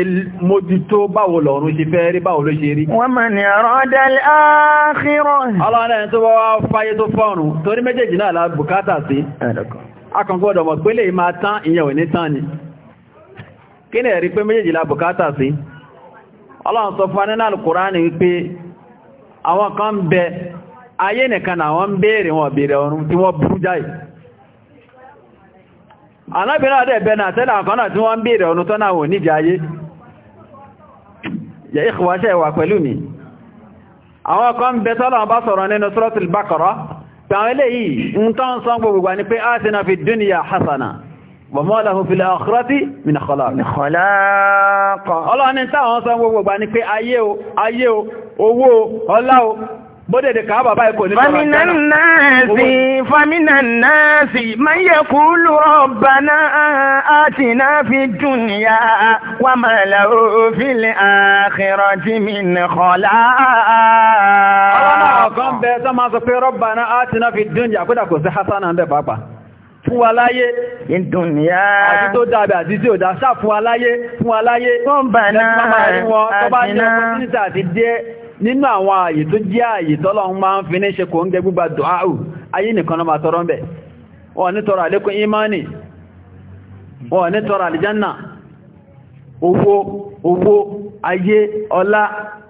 mójútó báwo lọ́run ṣe fẹ́ rí báwo ló ṣe rí wọ́n mọ̀ ní àwọn ọ̀dàlẹ̀ àkírọ́ akọ̀gbọ́dọ̀ mọ̀ pé lè máa tán ìyẹn ò tán ni kí ni ẹ̀rí pé méjèèjì la bùkátà sí ọlọ́run sọ fún anínà alkùránì wípé àwọn kan bẹ ayé nìkan náà wọ́n ń béèrè wọn béèrè ọ̀run tí wọ́n burú jáì alábìnrin àdẹ́ ẹ̀bẹ̀ náà tẹ́lẹ̀ àkọ́nà tí wọ́n ń béèrè ọ̀run tó náà tàwọn eléyìí ń tán sán gbogbo ní pé atina fi dúnìyà hasana wa ma lahu fil akhirati min khalaq ọlọ́ni táwọn sán gbogbo ní pé bọ́dẹ̀ dẹ̀ kàá bàbá ẹ̀kọ́ nípa Rabbana náàsì fàmínà náàsì máa yẹ kú lù Rabbana àtìná fi dunya wà máa làwọ̀ fil akhirati min khalaq. àwọn ọ̀kan bẹ tó máa sọ pé Rabbana àtìná fi dunya kódà kò sí hasana ń bẹ̀ pàápàá fún aláyé ìdùnnìyà àti tó dábẹ̀ àti tí ò dá sáà fún aláyé fún aláyé tó ń àti náà nínú àwọn ààyè tó jẹ́ ààyè tọ́lọ́run máa ń fi ní ṣe kò ń gẹ gbígba dùáù ayé nìkan náà máa tọrọ ń bẹ̀ wọ́n ní àlékún imani wọ́n ní àlìjánà owó ayé ọlá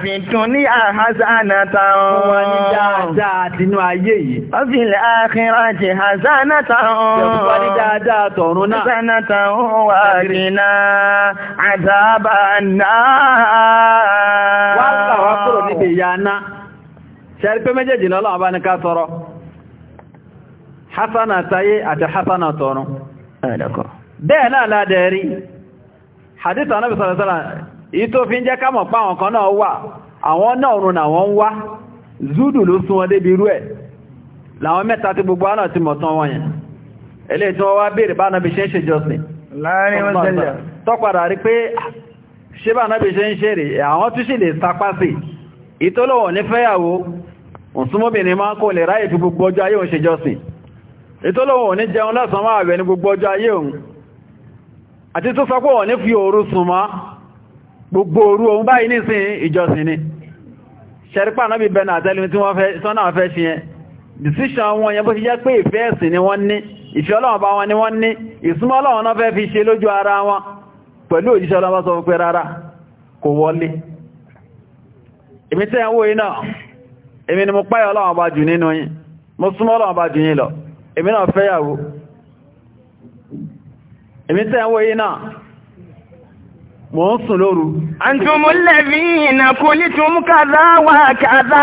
fi tún ní àhásánà táwọn. Wọ́n ní dáadáa tinú ayé yìí. Wọ́n fi lè àkírà ti hásánà táwọn. Wọ́n ní dáadáa tọ̀run náà. Hásánà táwọn wà kìíná àdábà náà. Wọ́n gbà kúrò níbi ìyá Ṣẹ́rí pé méjèèjì lọ́lọ́ àbá ní Hásánà táyé àti hásánà tọ̀run. Bẹ́ẹ̀ náà ládẹ̀ẹ́rí. Hadith Ànábì sallallahu alaihi wasallam èyí tó fi ń jẹ́ kámọ̀ pa àwọn kan náà wà àwọn náà rùn àwọn ń wá zúdù ló sún wọn débi irú ẹ̀ láwọn mẹ́ta tí gbogbo náà ti mọ̀ tán wọ́n yẹn eléyìí tí wọ́n wá béèrè bá náà bí ṣe ń ṣe jọsìn láàrin wọ́n tẹ́lẹ̀ tọ́padà rí pé ah, ṣé bá náà bí ṣe ń ṣe àti tó sọ pé wọ́n ní fi òru sùn gbogbo òru ohun báyìí nísìn ìjọsìn ni ṣẹ̀rípà náà bí bẹ̀rẹ̀ àtẹ́lẹ̀ tí wọ́n fẹ́ sọ́nà fẹ́ ṣe yẹn decision wọn yẹn bó ṣe jẹ́ pé ìfẹ́ ẹ̀sìn ni wọ́n ní ìfẹ́ ọlọ́run bá wọn ni wọ́n ní ìsúnmọ́ ọlọ́run náà fẹ́ fi ṣe lójú ara wọn pẹ̀lú òjíṣẹ́ ọlọ́run bá sọ pé rárá kò wọlé èmi tẹ́ ń wò yìí náà èmi ni mo páyà ọlọ́run bá jù nínú yín mo súnmọ́ ọlọ́run bá jù yín lọ èmi náà fẹ́yàwó èmi tẹ́ ń wò mọ̀ ń sùn lóru. àtúmúlẹ̀ bí ìnàkúlítùm kàdá wà kàdá.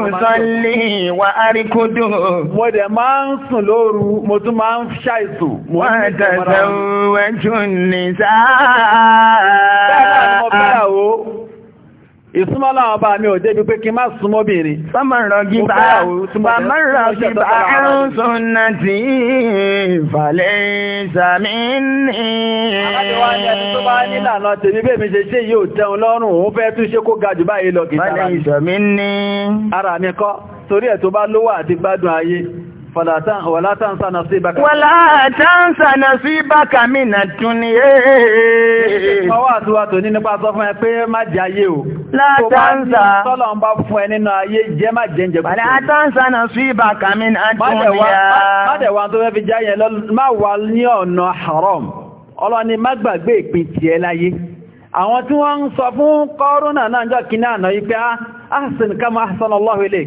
sọ́lé wà áríkódò. Mo dẹ̀ máa ń sùn lóru, mo tún máa ń ṣàìsù. Wọ́n tẹ̀sẹ̀ wẹ́jú nìsáà. Bẹ́ẹ̀ ìsúnmọ́lá ọba mi ò débi pé kí má súnmọ́ bìnrin. sọ́mọ̀rọ̀ gíbà sọ́mọ̀rọ̀ gíbà àrùn súnà tí ìfàlẹ̀ ìsàmì ní. àbájọ́wá ní ẹni tó bá nílànà tèmi bẹ́ẹ̀ mi ṣe ṣe yóò tẹun lọ́rùn ó fẹ́ tún ṣe kó ga jù báyìí lọ kìí ولا تنسى نصيبك ولا تنسى نصيبك من الدنيا Ọwọ́ àti ní nípa sọ fún ẹ pé má jẹ ayé o. Látánṣà. Tọ́lọ̀ ń bá fún ẹ nínú ayé jẹ́ má jẹ jẹ. Látánṣà náà sí ibà kàmí àdúnyà. Má dẹ̀ wá tó fẹ́ fi jáyẹ lọ, má wà ní ọ̀nà haram. Ọlọ́ni má gbàgbé ìpín ti ẹ láyé. Àwọn tí wọ́n ń sọ fún kọ́rúnà náà ah, ahsan kí náà náà yí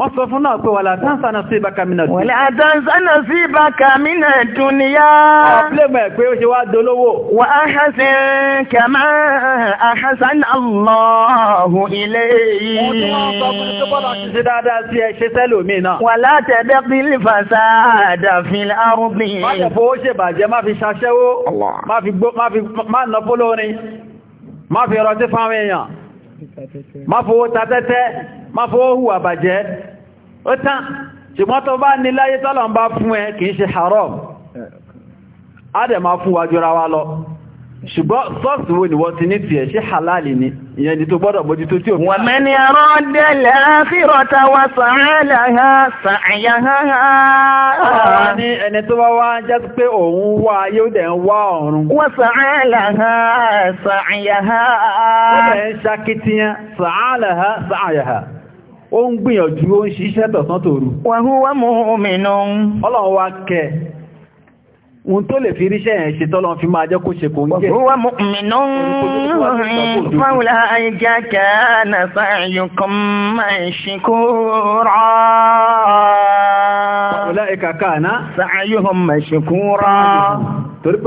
wọ́n sọ fún náà pé wà látánṣà náà sí ìbákà mínà dúnìyà. wà látánṣà náà sí ìbákà mínà dúnìyà. àpilẹ̀mọ̀ ẹ̀ pé ó ṣe wá dolówó. wà á ṣàṣẹ kàmá àṣàṣàn Allahu ilayhi. wọ́n tún wọ́n fil ardi. má ṣe fowó ṣèbàjẹ́ fi ṣaṣẹ́wó má nọ fólórin má fi ọrọ̀ sí fáwọn èèyàn má fowó ta tẹ́tẹ́ má fọwọ́ hùwà bàjẹ́ ó tán ṣùgbọ́n tó bá ní láyé tọ́lọ̀ ń bá fún ẹ kìí ṣe haram á dẹ̀ máa fún wájúra wa lọ ṣùgbọ́n sọ́ọ̀sì wo ni wọ́n ti ní tiẹ̀ ṣe halali ni ìyẹn ni tó gbọ́dọ̀ mójútó tí ò fún wa ó ń gbìyànjú ó ń ṣiṣẹ́ tọ̀sán tòru wàhúwà mọ́mìnà ọlọ́run wá kẹ ohun tó lè fi ríṣẹ́ ẹ̀ ṣe tọ́lọ́ fi máa jẹ́ kó ṣe kò ń jẹ́ wàhúwà mọ́mìnà fáwọlá ajáka na sáàyùkan máa ṣe kó rọ́ wàhúwà ìkàkà náà sáàyùkan máa ṣe kó rọ́ torí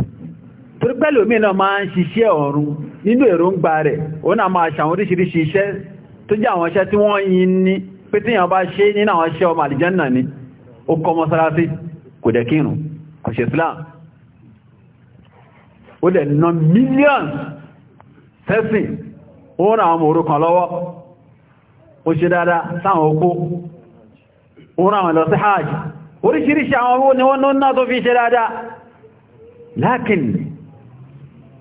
pé torí pẹ́lú omi náà máa ń ṣiṣẹ́ ọ̀run nínú èròǹgbà rẹ̀ òun náà máa ṣàwọn oríṣiríṣi iṣẹ́ tó jẹ́ àwọn iṣẹ́ tí wọ́n yin ní pé tí èèyàn bá ṣe nínú àwọn iṣẹ́ ọmọ àlìjẹ́nà ni ó kọ́ mọ́sálásí kò dẹ̀ kírun kò ṣe Islam ó dẹ̀ ná millions sẹ́sìn ó ràn àwọn ọmọ òrukàn lọ́wọ́ ó ṣe dáadáa sáwọn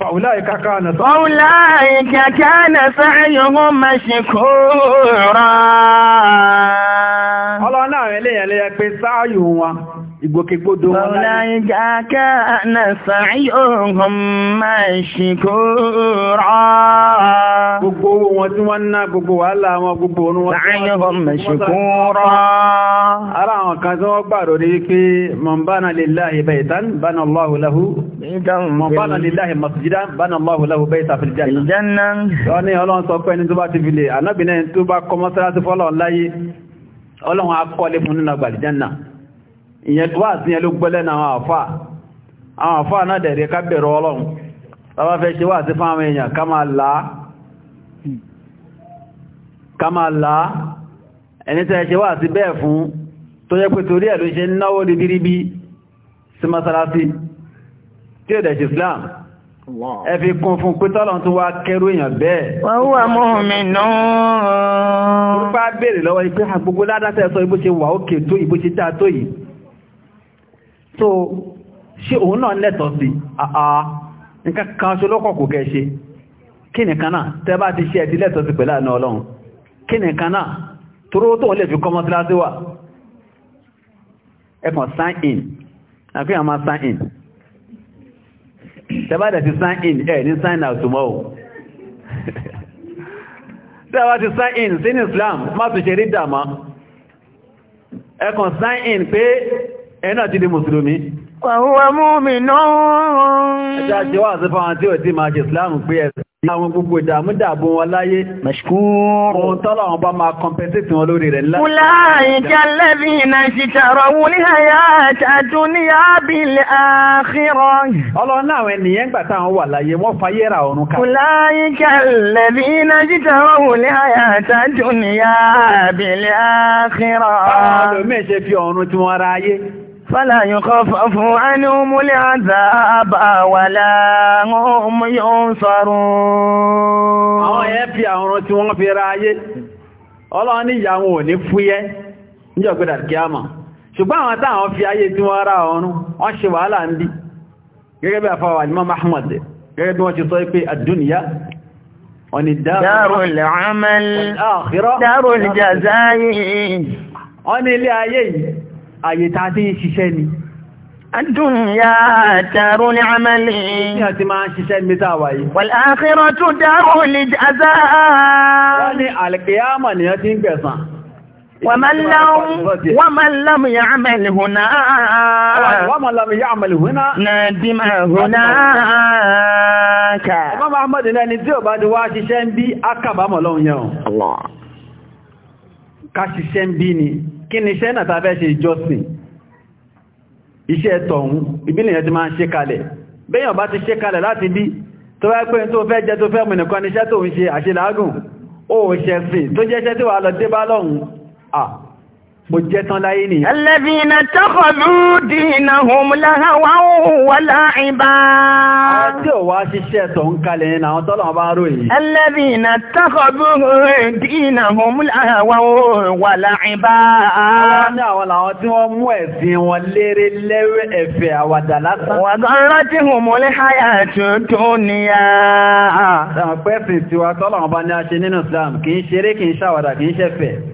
فأولئك كان فأولئك كان سعيهم مشكورا Ọlọ́run náà rẹ̀ léyàn lè yẹ pé sáàyò wọn, ìgbòkègbodò wọn láyé. Ọláìgá káàna sa'yuhum mashkura. Gbogbo wọn tí wọ́n ná gbogbo wàhálà àwọn kan tí wọ́n gbàrò rí pé man bana lillahi baytan bana Allahu lahu man bana lillahi masjidan bana Allahu lahu baytan fil janna wọ́n ní ọlọ́run sọ pé ẹni tó bá ti fi lè anábìnrin tó bá kọ́ mọ́sálásí fọ́lọ́run láyé ọlọ́run akọ́lé fún nínú àgbàlìjánà wà sí ẹlú gbọ́lẹ̀ náà àwọn àfáà àwọn àfáà náà dẹ̀rẹ̀ ká bẹ̀rọ ọlọ́run tàbá fẹ́ ṣe wà sí fún àwọn èèyàn ká máa láá ẹni tẹ́ ṣe wà sí bẹ́ẹ̀ fún tó yẹ pé torí ẹ̀ ló ṣe náwó dídírí sí masalasi tí ó dẹ̀ ṣe Islam ẹ kún fún pé tó wá kẹrù èèyàn bẹ́ẹ̀ wọ́n wà mu'minun ó bá béèrè lọ́wọ́ ipé àgbogbo ah, ládátẹ́ sọ ibó ṣe wà òkè tó ibó ṣe dáa tó yìí so ṣé òun náà lẹ́tọ̀ọ́ sí àà nǹkan kan ṣe lọ́kọ̀ kò kẹ́ ṣe kí nìkan náà tẹ́ bá ti ṣe ẹ̀ ti lẹ́tọ̀ọ́ ẹkàn sign in àkíyàn máa sign in tẹ́bàdẹ̀ ti sign in ẹ̀ ní sign out tomorrow tẹ́bà ti sign in sí Islam má tún ṣe rí dàmá ẹkàn sign in pé ẹ̀nà ti di mùsùlùmí wàhúwà mú mi náà ẹjá ṣe wà sí fáwọn tí ò tí máa ṣe Islam pé ẹ̀ àwọn gbogbo ìdàmú dàbò wọn láyé ohun tọ́lọ̀ wọn bá máa kọmpẹ́sìtì wọn lórí rẹ̀ láyé. Láìka lẹ́bí iná ìṣìṣàrọ̀ wù ní àyà àtàtù ní àbílẹ̀ àkírọ̀. Ọlọ́run náà ènìyàn gbà táwọn wà láyé wọ́n fayé ra ọ̀run ká. fala yukhaffafu anhumul azab wala hum yunsarun. àwọn a fi àwọn tí wọ́n fi ra ayé ọlọ́run ní wọn ò ní fúyẹ́ níjọ́ pé dàkí fi ra ọ̀run wọ́n gẹ́gẹ́ bí àfáwà Imam Ahmad gẹ́gẹ́ bí wọ́n ti sọ pé àdúnìyà wọ́n ni ayé yìí àyè tá a ti ń ṣiṣẹ́ ni Adúnyà dàrú ní àmàlì. Ní àti máa ń ṣiṣẹ́ ní mítà wáyé. Wàláàkírọ̀ tún dàrú ní àzá. Wọ́n ní àlìkìyàmà ni a ti ń gbẹ̀sàn. ومن لم يعمل هنا ومن لم يعمل هنا ندم هناك Ọmọ Muhammad náà ni tí ò bá di wá ṣiṣẹ́ ń bí, kí ni iṣẹ́ náà tàbẹ́ ṣe ìjọsìn iṣẹ́ tọ̀hún ìbílẹ̀ yẹn ti máa ń ṣe kalẹ̀ bẹ́yàn bá ti ṣe kalẹ̀ láti bí tó wá pé tó fẹ́ jẹ tó fẹ́ mú nìkan iṣẹ́ tó ń ṣe àṣìlágùn ó ṣẹ̀sìn tó jẹ́ṣẹ́ tí wà lọ dé bá lọ́hun mo jẹ́ tán láyé nìyẹn. alladhina takhadhu dinahum lahawan wa la'iba. àwọn tí ò wá ṣiṣẹ́ tó ń kalẹ̀ ní àwọn tọ́lọ̀ bá rò yìí. alladhina takhadhu dinahum lahawan wa la'iba. àwọn ní àwọn làwọn tí wọ́n mú ẹ̀sìn wọn léré lẹ́wẹ́ ẹ̀fẹ̀ àwàdà lásán. wa gharrathumul hayatud dunya. àwọn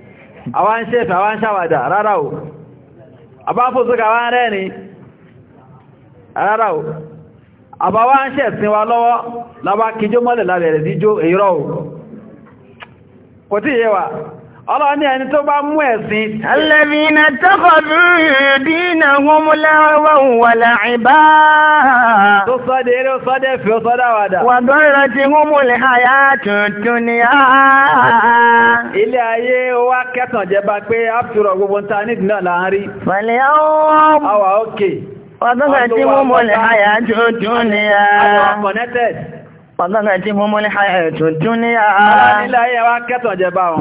àwa ń ṣẹ̀fẹ̀ àwa ń ṣàwàdà rárá o àbáfòsókà wá ń rẹ́rin rárá o àbáwá ń ṣẹ̀sìn wa lọ́wọ́ lábá kíjó mọ́lẹ̀ lábẹ̀rẹ̀ sí jó èrò kò tí yé wa ọlọ́ni ẹni tó bá mú ẹ̀sìn alẹ́bìnà tọ́kọ̀dù dínà húnmúláwọ̀ wà láìbá tó sọ́dẹ̀ eré sọ́dẹ̀ fi ó sọ́dá wàdà wà dọ́rọ̀ ti húnmúlẹ̀ tuntun ni a ilé ayé wá kẹtàn jẹba pé ápùrọ̀ gbogbo ta nídìí náà láàárín pẹ̀lẹ́ ọwọ́ Ọdún فضغتهم الحياة الدنيا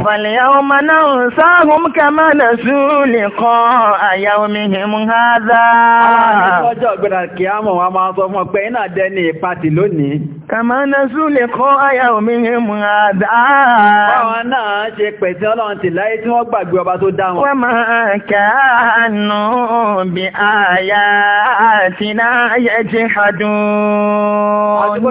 فاليوم ننساهم كما نسوا لقاء يومهم هذا Kàmá náà súlè kọ́ àyà òmìnirin mú àdá. Báwọn náà ṣe pẹ̀sí ọlọ́run ti láyé tí wọ́n gbàgbé ọba tó dá wọn. Wọ́n máa kàánù bí àyà àti náà yẹ jẹ́ àdún. Àti bó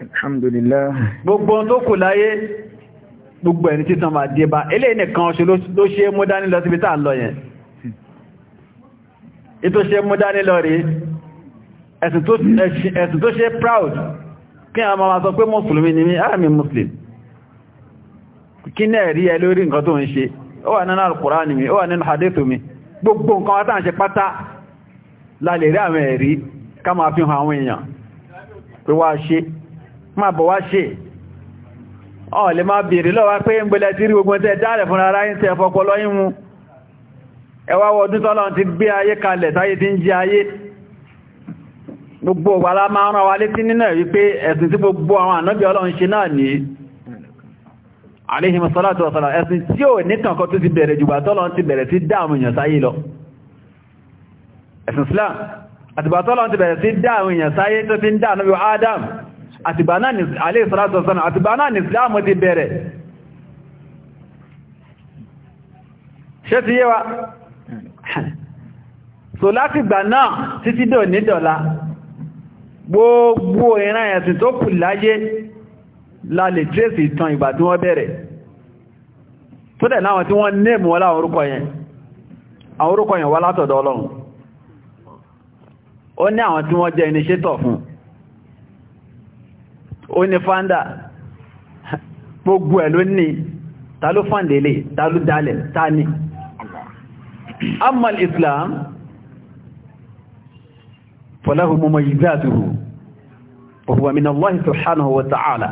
alhamdulillah gbogbo tó kù láyé gbogbo ẹni títàn máa dé bá eléyìí nìkan ọ̀ṣẹ́ ló ṣe mú dání lọ síbi tá à ń lọ yẹn ètò ṣe mú dání lọ rí ẹ̀sìn tó ṣe proud kí a máa sọ pé mùsùlùmí ni mí àmì ah, muslim kí náà rí ẹ lórí nǹkan tó ń ṣe ó wà nínú alkùránì mi ó wà nínú hadithu mi gbogbo nǹkan wá tàà ṣe pátá lálẹ̀ rí àwọn ẹ̀rí ká máa fi hàn àwọn èèyàn pé wá ṣe máa bọ̀ wá ṣe ọ̀ lè máa bèèrè lọ́wọ́ pé ń gbẹ̀lẹ̀ tí rí gbogbo tẹ́ dáàrẹ̀ fún ara yín tẹ́ fọpọlọ yín mú ẹwà ọdún tọ́lọ́run ti gbé ayé kalẹ̀ táyé ti ń jẹ ayé gbogbo wàlá máa rán wa létí nínú ẹ̀rí pé ẹ̀sìn tí gbogbo àwọn ànábì ọlọ́run ṣe náà ní aléhìmọ̀ sọ́látọ̀ ọ̀sọ̀lá ẹ̀sìn tí ò ní kankan tó ti bẹ̀rẹ̀ jùgbà tọ́lọ́run ti bẹ̀rẹ̀ sí dáàmù èèyàn lọ ẹ̀sìn Islam àtìgbà tọ́lọ́run ti bẹ̀rẹ̀ sí dáàmù èèyàn tó fi ń dáàmù Adam àtìgbà náà ní alẹ́ ìsọ́látọ̀ sọ́nà àtìgbà náà ní ìsìláàmù ti bẹ̀rẹ̀ ṣe ti yé wa so látìgbà náà títí dò ní dọ̀la gbogbo ìran ẹ̀sìn tó kù láyé la lè trace ìtàn ìgbà tí wọ́n bẹ̀rẹ̀ tó dẹ̀ láwọn tí wọ́n nẹ́ẹ̀mù wọ́n láwọn orúkọ yẹn àwọn orúkọ yẹn wá látọ̀dọ̀ ọlọ́run ó ní àwọn tí wọ́n jẹ́ iníṣẹ́tọ̀ fún ó ní fáńdà gbogbo ẹ̀ ló ní ta ló fàndélé ta ló dálẹ̀ ta ní amma islam falahu mumayyizatuhu wa huwa min Allah subhanahu wa ta'ala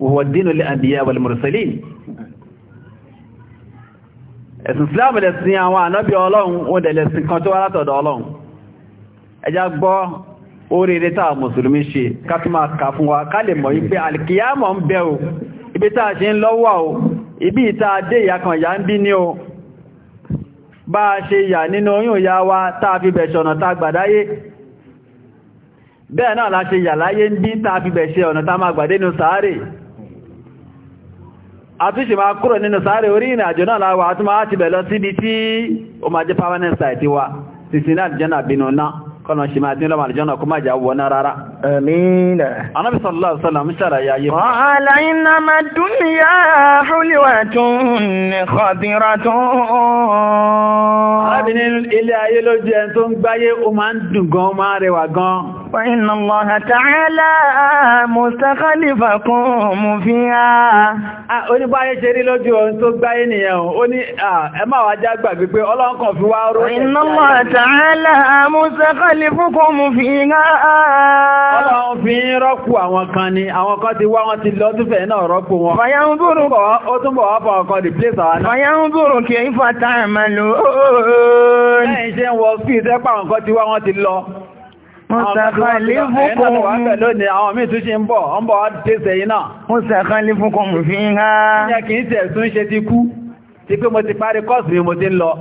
wa huwa dinu lil anbiya wal mursalin ẹ̀sìn islam lẹ̀sìn àwọn ànábì ọlọ́run ó dẹ̀ lẹ̀sìn kan tó wá látọ̀dọ̀ ọlọ́run ẹjá gbọ́ oríire táà mùsùlùmí ṣe kátùmá kà fún wa ká lè mọ̀ wípé alkiyamọ̀ ń bẹ o ibi táà ṣe ń lọ́wọ́ o ibi ìta dé ìyá kan ìyá ń bí ní o bá a ṣe yà nínú oyún ìyá wa táà fi bẹ̀ ṣọ̀nà táà gbàdáyé bẹ́ẹ̀ náà la ṣe yà láyé ń bí táà fi bẹ̀ ṣe ọ̀nà táà máa àtúnṣe máa kúrò nínú sàárè orí ìrìn àjò náà láwà àtúnmá láti bẹ̀ lọ síbi tí ó máa jẹ́ permanent site wa sìsìn láti jẹ́ nàbínú náà kọ́nà ṣe máa tí lọ́mà àjọ́nà kó máa jà wọ́ná rárá. Àmìnà. Anábi sallallahu alaihi wasallam ṣàràyà Ọ̀hálà iná máa dùn ní yá húlíwà tún ní kọ̀dínra tún. Arábi ilé ayé ló jẹ tó ń gbáyé, ó máa ń dùn gan, máa rẹwà gan. Wa inna Allaha ta'ala mustakhlifakum fiha. Ó ní báyé ṣe rí lójú ohun tó gbáyé nìyẹn ó ní ẹ máa wá já gbàgbé pé fi wá ró. Wa inna Allaha ta'ala mustakhlifakum nukhalifukum fiha. Ọlọ́run fi ń rọ́pù àwọn kan ni, àwọn kan ti wá wọn ti lọ túnfẹ̀ náà rọ́pù wọn. Fayanzuru. Ó túnbọ̀ wá fọ ọkọ̀ replace àwọn náà. Fayanzuru kayfa ta'malun. Lẹ́yìn ṣe ń wọ skit ẹ́pà àwọn kan ti wá wọn ti lọ. Mùsàkàlífúkùn. Ẹ̀yìn náà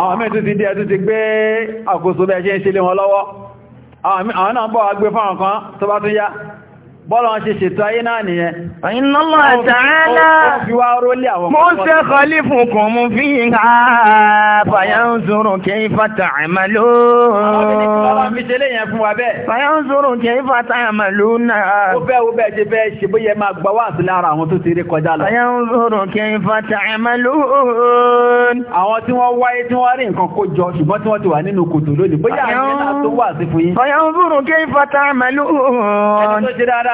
àwọn mẹ́tù ti dé ẹ̀tù ti gbé àkóso bẹ́ẹ̀ ṣe ń ṣe lé wọn lọ́wọ́ àwọn náà bọ́ agbé fáwọn kan tó bá tún yá bọ́lọ̀ ṣe ṣètò ayé náà nìyẹn. Inna Allah ta'ala mo ṣe khalifukum fiha fayanzuru kayfa ta'malun. Àwọn mi ṣe léyìn fún wa bẹ́ẹ̀. Fayanzuru kayfa ta'malun náà. Ó bẹ́ẹ̀ ó bẹ́ẹ̀ ṣe bẹ́ẹ̀ ṣe bóyẹ máa gbọ́ wà sí lára àwọn tó ti rí kọjá lọ. Fayanzuru tí wọ́n wáyé tí wọ́n rí nǹkan kó jọ ṣùgbọ́n tí wọ́n ti wà nínú kòtò lónìí bóyá àwọn náà tó wà sí fún yín. Ẹni tó ṣe dáadáa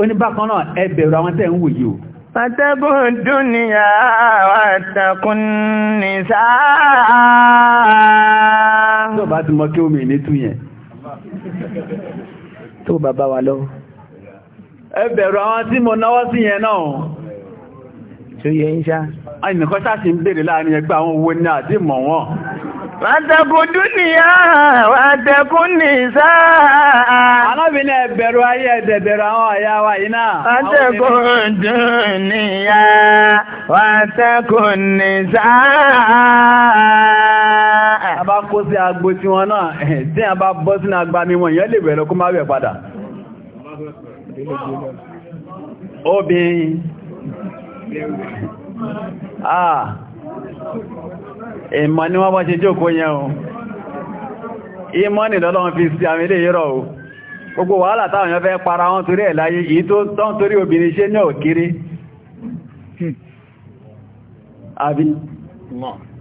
oníbákan náà ẹ bẹ̀rù àwọn tẹ́ ń wò yìí o. Fàtẹ́bù dúnìyà wà tẹ̀kùn ní sáà. Tó bá ti mọ kí omi ní tún yẹn. Tó bàbá wa lọ. Ẹ bẹ̀rù àwọn tí mo náwọ́ sí yẹn náà. Ṣé yẹ ń ṣá? Wàtẹ̀kùn dúnìyà, wàtẹ̀kùn nìsá. Alábìnrin ẹ̀bẹ̀rù ayé ẹ̀dẹ̀bẹ̀rù àwọn àyà wa yìí náà. Wàtẹ̀kùn dúnìyà, wàtẹ̀kùn nìsá. Àbá kó sí tí wọn náà, tí a bá bọ́ sínú agbami wọn, ìyẹn lè bẹ̀rẹ̀ kó ìmọ̀ ni wọ́n bọ́ ṣe jókòó yẹn o ìmọ̀ ni lọ́lọ́run fi sí àmì ilé ìrọ̀ o gbogbo wàhálà táwọn èèyàn fẹ́ para wọn torí ẹ̀ láyé yìí tó tán torí obìnrin ṣe ní òkiri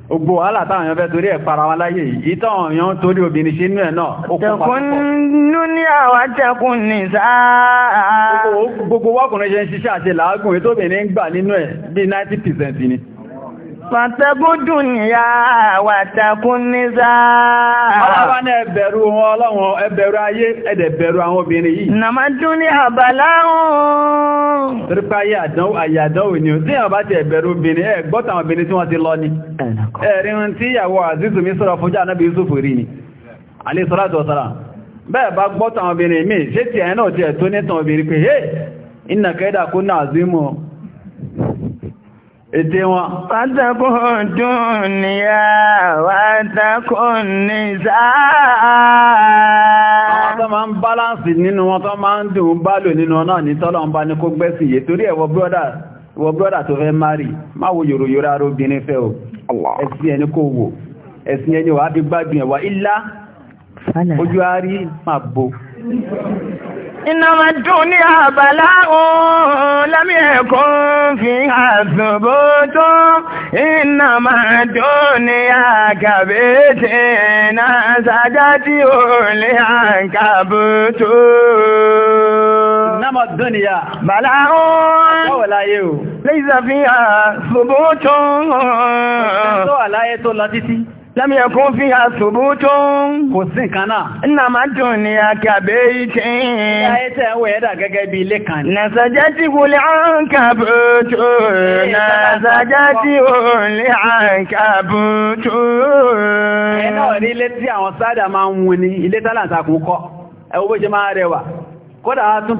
gbogbo wàhálà táwọn èèyàn fẹ́ torí ẹ̀ para wọn láyé yìí táwọn èèyàn torí obìnrin ṣe ní ẹ̀ náà ó kó pàpọ̀ gbogbo wọ́kùnrin ṣe ń Fàtẹ́kún dùnìyà wà tẹ́kún níza. Ọlọ́wà ní ẹbẹ̀rù wọn ọlọ́wọ̀n ẹbẹ̀rù ayé ẹ̀dẹ̀bẹ̀rù àwọn obìnrin yìí. Nàmá dúnlé àbàláhùn. Torípa ayé àdánwò ayé àdánwò ni ó tí àwọn bá ẹ àwọn ti lọ ni. Ẹ̀rin tí ìyàwó Azizu mi sọ̀rọ̀ fún ni. Bẹ́ẹ̀ bá àwọn ti ẹ̀yìn tó obìnrin èdè wọn. Pátákó dúnìyà wà tákó nìsá. Àwọn tó máa ń báláǹsì nínú wọn tó máa ń dùn bálò nínú náà ní tọ́lọ̀ ń bá ní kó gbẹ́sìn yé torí ẹ̀wọ̀ brọ́dà ìwọ brọ́dà tó fẹ́ márì má wo yòrò yòrò ara obìnrin fẹ́ o. Ẹ̀sìn ẹni kò wò. Ẹ̀sìn ẹni wàá fi gbádùn ẹ̀wà ilá. Ojú àárí máa bo. إنما الدنيا بلاء لم يكن فيها ثبوت إنما الدنيا كبيت نسجته لعنكبوت إنما الدنيا بلاء ليس فيها ثبوت lẹ́mi ẹ̀kún fi àṣòbó tó ń kò sí Nna náà nà máa dùn ní àkàbẹ́ ìṣẹ́ ìyáyé tẹ́ ń wẹ̀ẹ́dà gẹ́gẹ́ bí kan nàṣàjá tí kò lè àǹkàbò tó nàṣàjá tí ò lè àǹkàbò tó ẹ̀ náà rí ilé tí àwọn sádà máa ń wuni ilé tálàntà kò kọ́ ẹwọ́ bó ṣe máa rẹwà kódà á tún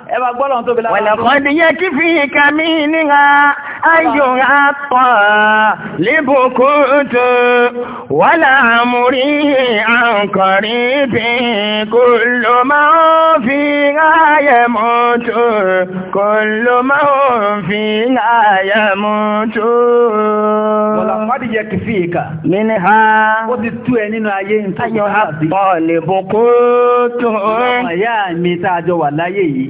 ẹwà gbọ́lọ̀ tó bí lára. wẹ̀lẹ̀kọ́ di yẹ kí fi ìka mi níra ayò àpọ̀ líbùkú tó wọ́lá àmúrí àǹkọ̀rí bí kò ló máa ń fi ráyẹ mú tó kò ló máa ń fi ráyẹ mú tó. wẹ̀lẹ̀kọ́ di yẹ kí fi ìka. mi ní ha. ó ti tú ẹ nínú ayé ń tó. ayò àpọ̀ líbùkú tó. ìyá mi tá a jọ wà láyé yìí.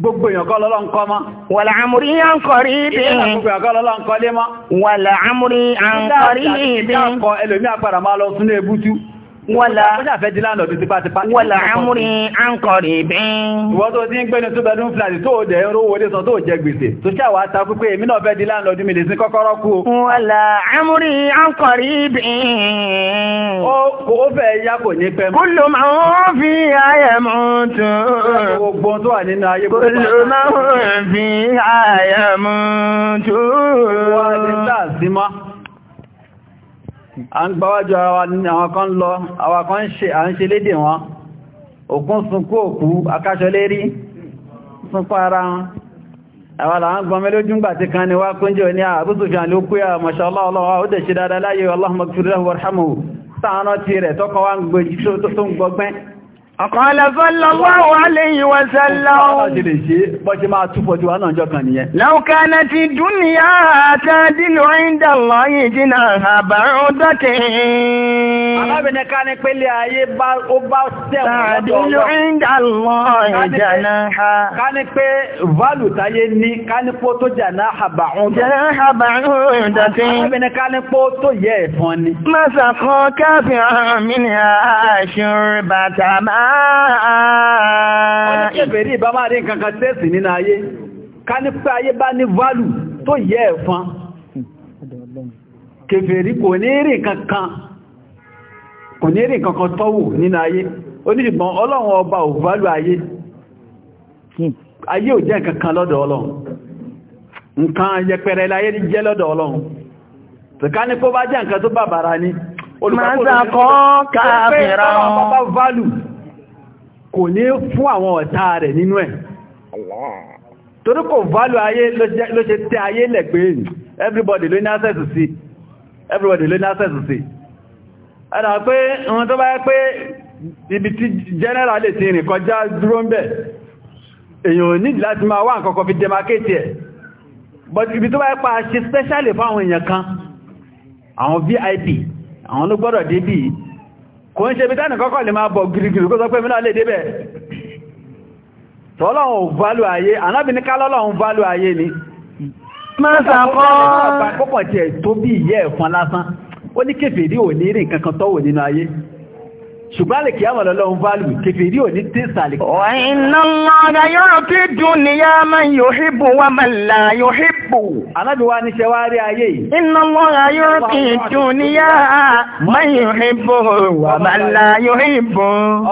gbogbo èèyàn kọ́ lọ́lọ́ nǹkan mọ́. wàlà àmúrí à ń kọrí bí. gbogbo èèyàn kọ́ lọ́lọ́ nǹkan lé mọ́. wàlà àmúrí à ń kọrí bí. ìdá kan máa lọ sínú ebútú wọ́la amúrí àǹkọ̀rì bí i wọ́n tó tí ń gbẹ́ni tó bẹ̀rún fìlàtí tó jẹ́ rówó lé sọ tó jẹ gbèsè tó ṣàwà ta pípé èmi náà fẹ́ di láàrín mi lè sí kọ́kọ́rọ́ kú wọ́la amúrí àǹkọ̀rì bí i ó fẹ́ yá kò ní pẹ́ mọ́ kúlò máa ń fi ayẹ̀ a ń gbáwájú àwọn kan lọ àwọn kan à ń ṣe lédè wọn òkun sunkú òkú akáṣọlérí sunkú ara wọn àwọn àwọn gbọmọ lójúngbà ti kan ni wá kúnjẹ ní àbúsùfíàn ló kú yà mashallah ọlọ́wọ́ ó dẹ̀ ṣe dáadáa láyé Allahumma ighfir lahu warhamhu sáànà ti rẹ̀ tọ́kọ wá ń Àkọ́lẹ̀ sallallahu alayhi wa sallam. Ọjọ́ lè ṣe bọ́jí máa túnfọ́ tí wà náà jọ kan nìyẹn. Law kanati dunya ta'dilu 'inda Allahi jinaha ba'udatin. Alábìnrin ká ní pélé ayé ó bá tẹ̀wọ̀n lọ́dọ̀ ọ̀rọ̀. Ta'dilu Ká ní pé válù táyé ní ká ní Ọjọ́bẹ̀rí ìbá máa rí nǹkan kan tẹ́sì nínú ayé, ká ní pé ayé bá ní válù tó yẹ ẹ̀fán. Kèfèrí kò ní rí nǹkan kò ní rí nǹkan tọ́wù nínú ayé. Oníṣùgbọ́n ọlọ́run ọba ò válù ayé. Ayé ò jẹ́ nǹkan lọ́dọ̀ ọlọ́run. Nǹkan yẹpẹrẹ láyé jẹ́ lọ́dọ̀ ọlọ́run. Tẹ̀ká ní kó bá jẹ́ nǹkan tó bàbàrà ni. kò ní fún àwọn ọ̀tá rẹ̀ nínú ẹ̀ torí kò válù ayé ló ṣe tẹ́ ayé lẹ̀gbẹ́ èyí everybody ló ní access sí everybody ló ní access sí ẹ̀dà pé wọn tó bá yẹ pé ibi tí general lè ti rìn kọjá dúró ń bẹ̀ èyàn ní láti máa wá nǹkan kan fi demarcate ẹ̀ but ibi tó bá yẹ pa ṣe special fáwọn èèyàn kan àwọn VIP àwọn ló gbọ́dọ̀ débì kò ń ṣe bí tánì kọ́kọ́ lè máa bọ̀ gírígírí kó sọ pé mínà lè débẹ̀ tọ́lọ́hun válù ayé ànábì ní kálọ́lọ́hun válù ayé ni mọ́sàkọ́ ṣùgbọ́n lè kí á mọ̀lọ́lọ́ ń válù kèfèrí ò ní tí sàlẹ̀. ọ̀ìnà lọ́dá yọ́rọ̀ kí dúnìyà máa yóò hìbò wà màlá yóò hìbò. alábíwá ní ṣe wá rí ayé yìí. iná lọ́dá yọ́rọ̀ kí dúnìyà máa yóò hìbò wà màlá yóò hìbò. ò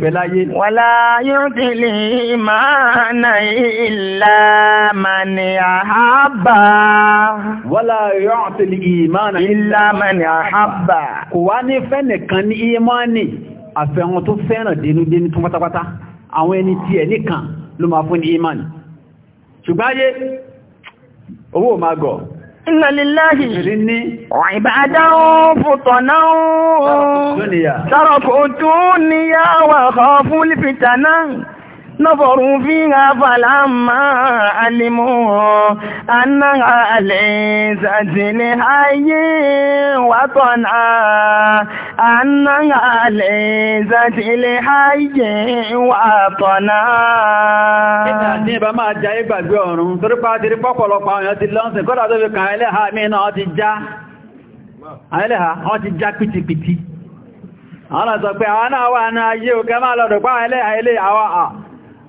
fẹ́ láyé. wàlá yóò kí lè máa nà ilà àhábà. kò wá ní fẹ́ nìkan ní imani àfẹ́wọn tó fẹ́ràn dénúdénú tó pátápátá àwọn ẹni tí ẹ̀ nìkan ló máa fún ní imani ṣùgbọ́n owó máa gọ̀ Inna lillahi wa ibadahu futana نظروا فيها فلما علموا أنها ليست لحي وطنا أنها ليست لحي وطنا ní ìbá máa jẹ́ ìgbàgbé ọ̀run torí pa ti rí pọ́pọ̀lọpọ̀ àwọn ti lọ́nsìn kọ́lá tó fi kàn ẹlẹ́ha mìíràn wọ́n ti já ẹlẹ́ha wọ́n ti já pìtìpìtì àwọn àtọ̀pẹ́ àwọn náà wà náà yíò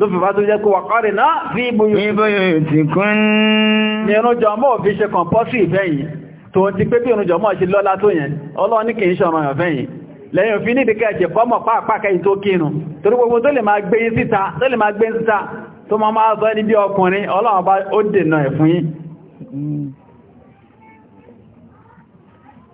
ló fi bá tó jẹ́ kó wàkárí náà fi ìbòyò ìtìkún ní ẹnu jọmọ́ fi ṣe kàn pọ́sí ìfẹ́yìn tó ti pé bí ìrùjọmọ́ ṣe lọ́lá tó yẹn ọlọ́run ní kìí ṣọ̀rọ̀ ìfẹ́yìn lẹ́yìn òfin ní ìdíkẹ́ ẹ̀jẹ̀ bọ́mọ̀ pàápàá tó kírun torí gbogbo tó lè máa gbé yín síta tó lè máa gbé síta tó máa máa sọ ẹni bí ọkùnrin ọlọ́run bá ó dènà ẹ̀ fún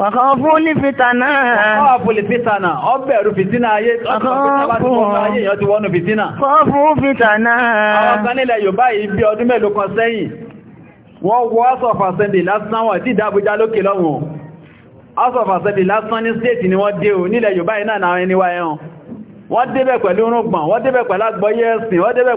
Wàkọ́ fún ní fìtànà. Wàkọ́ fún ní fìtànà. Ọ bẹ̀rù fìtínà ayé. Wàkọ́ fún fìtànà. Àwọn kan nílẹ̀ Yorùbá yìí bí ọdún mélòó kan sẹ́yìn. Wọ́n wọ́ ọ́sọ̀fà sẹ́ndì lásán wọ̀n tí ìdábújá lókè lọ́wọ́n. Ọ́sọ̀fà sẹ́ndì lásán ní stéètì ni wọ́n o nílẹ̀ Yorùbá yìí náà náà ẹni wá ẹ̀hàn. Wọ́n débẹ̀ pẹ̀lú rúgbọ̀n, wọ́n débẹ̀ pẹ̀lú àgbọ́yé ẹ̀sìn, wọ́n débẹ̀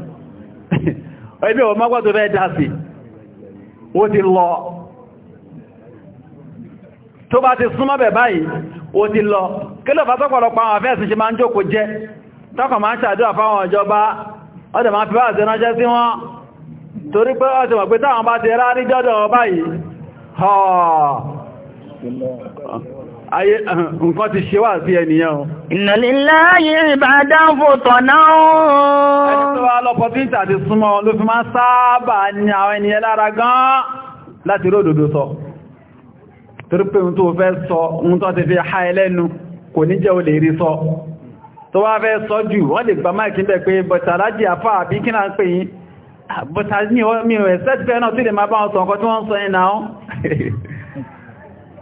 ẹbí ọmọ gbọ́tò fẹ́ dá sí ó ti lọ tó bá ti súnmọ́ bẹ̀ báyìí ó ti lọ kí lọ fásọ́pọ̀lọpọ̀ àwọn afẹ́sìn ṣe máa ń jókòó jẹ́ tọ́kọ̀ máa ń ṣàdúrà fáwọn ìjọba ọdẹ̀ máa fi torí pé bá ti rárí báyìí ayé nǹkan ti ṣe wà sí ènìyàn o. ìnàlélàyé ìbádán fòtọ̀ náà ooo. ẹni tó wá lọ́pọ̀ tí ìtà ti súnmọ́ ló fi máa sáábà ní àwọn ènìyàn lára gan-an láti ródòdó sọ torí pé ohun tó fẹ́ sọ ohun tó ti fi ha ẹlẹ́nu kò ní jẹ́ o lè rí sọ tó wá fẹ́ sọ jù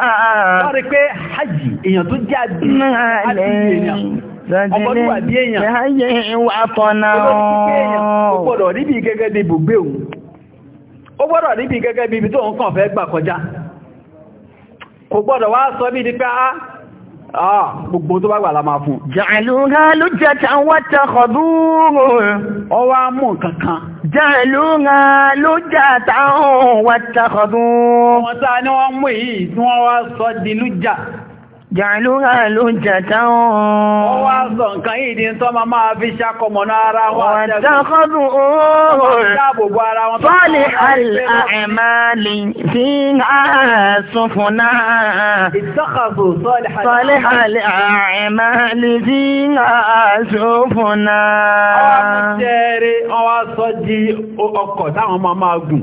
wọ́n ah. rí pé hajj èyàn tó jẹ́ àbí àti èèyàn bí èèyàn ṣáyé ìwà fọ́nà ó níbi gẹ́gẹ́ bí tó kò Ah, gbogbo tó bá gbà la máa fún. jàlúhà ló jẹta wọ́n tẹ kọ̀dúrò. ọwọ́ amú kankan. jàlúhà ló jẹta wọ́n tẹ kọ̀dúrò. wọ́n tá ni wọ́n mú èyí tí wọ́n wá sọ di lújà. Jàlúhà ló jàtà ọ̀hún. Wọ́n wá sọ nǹkan yìí ni tọ́ ma máa fi ṣàkọmọ̀nà ara wọn. Wọ́n dákọ́dù oòrùn. Dáàbòbò ara wọn. Fọ́lì àìmáàlì sí àásùn fún náà. Ìtọ́kàbò sọ́lì àìmáàlì sí àásùn fún náà. Àwọn jẹ́rẹ́ wọ́n wá sọ di ọkọ̀ táwọn máa gùn.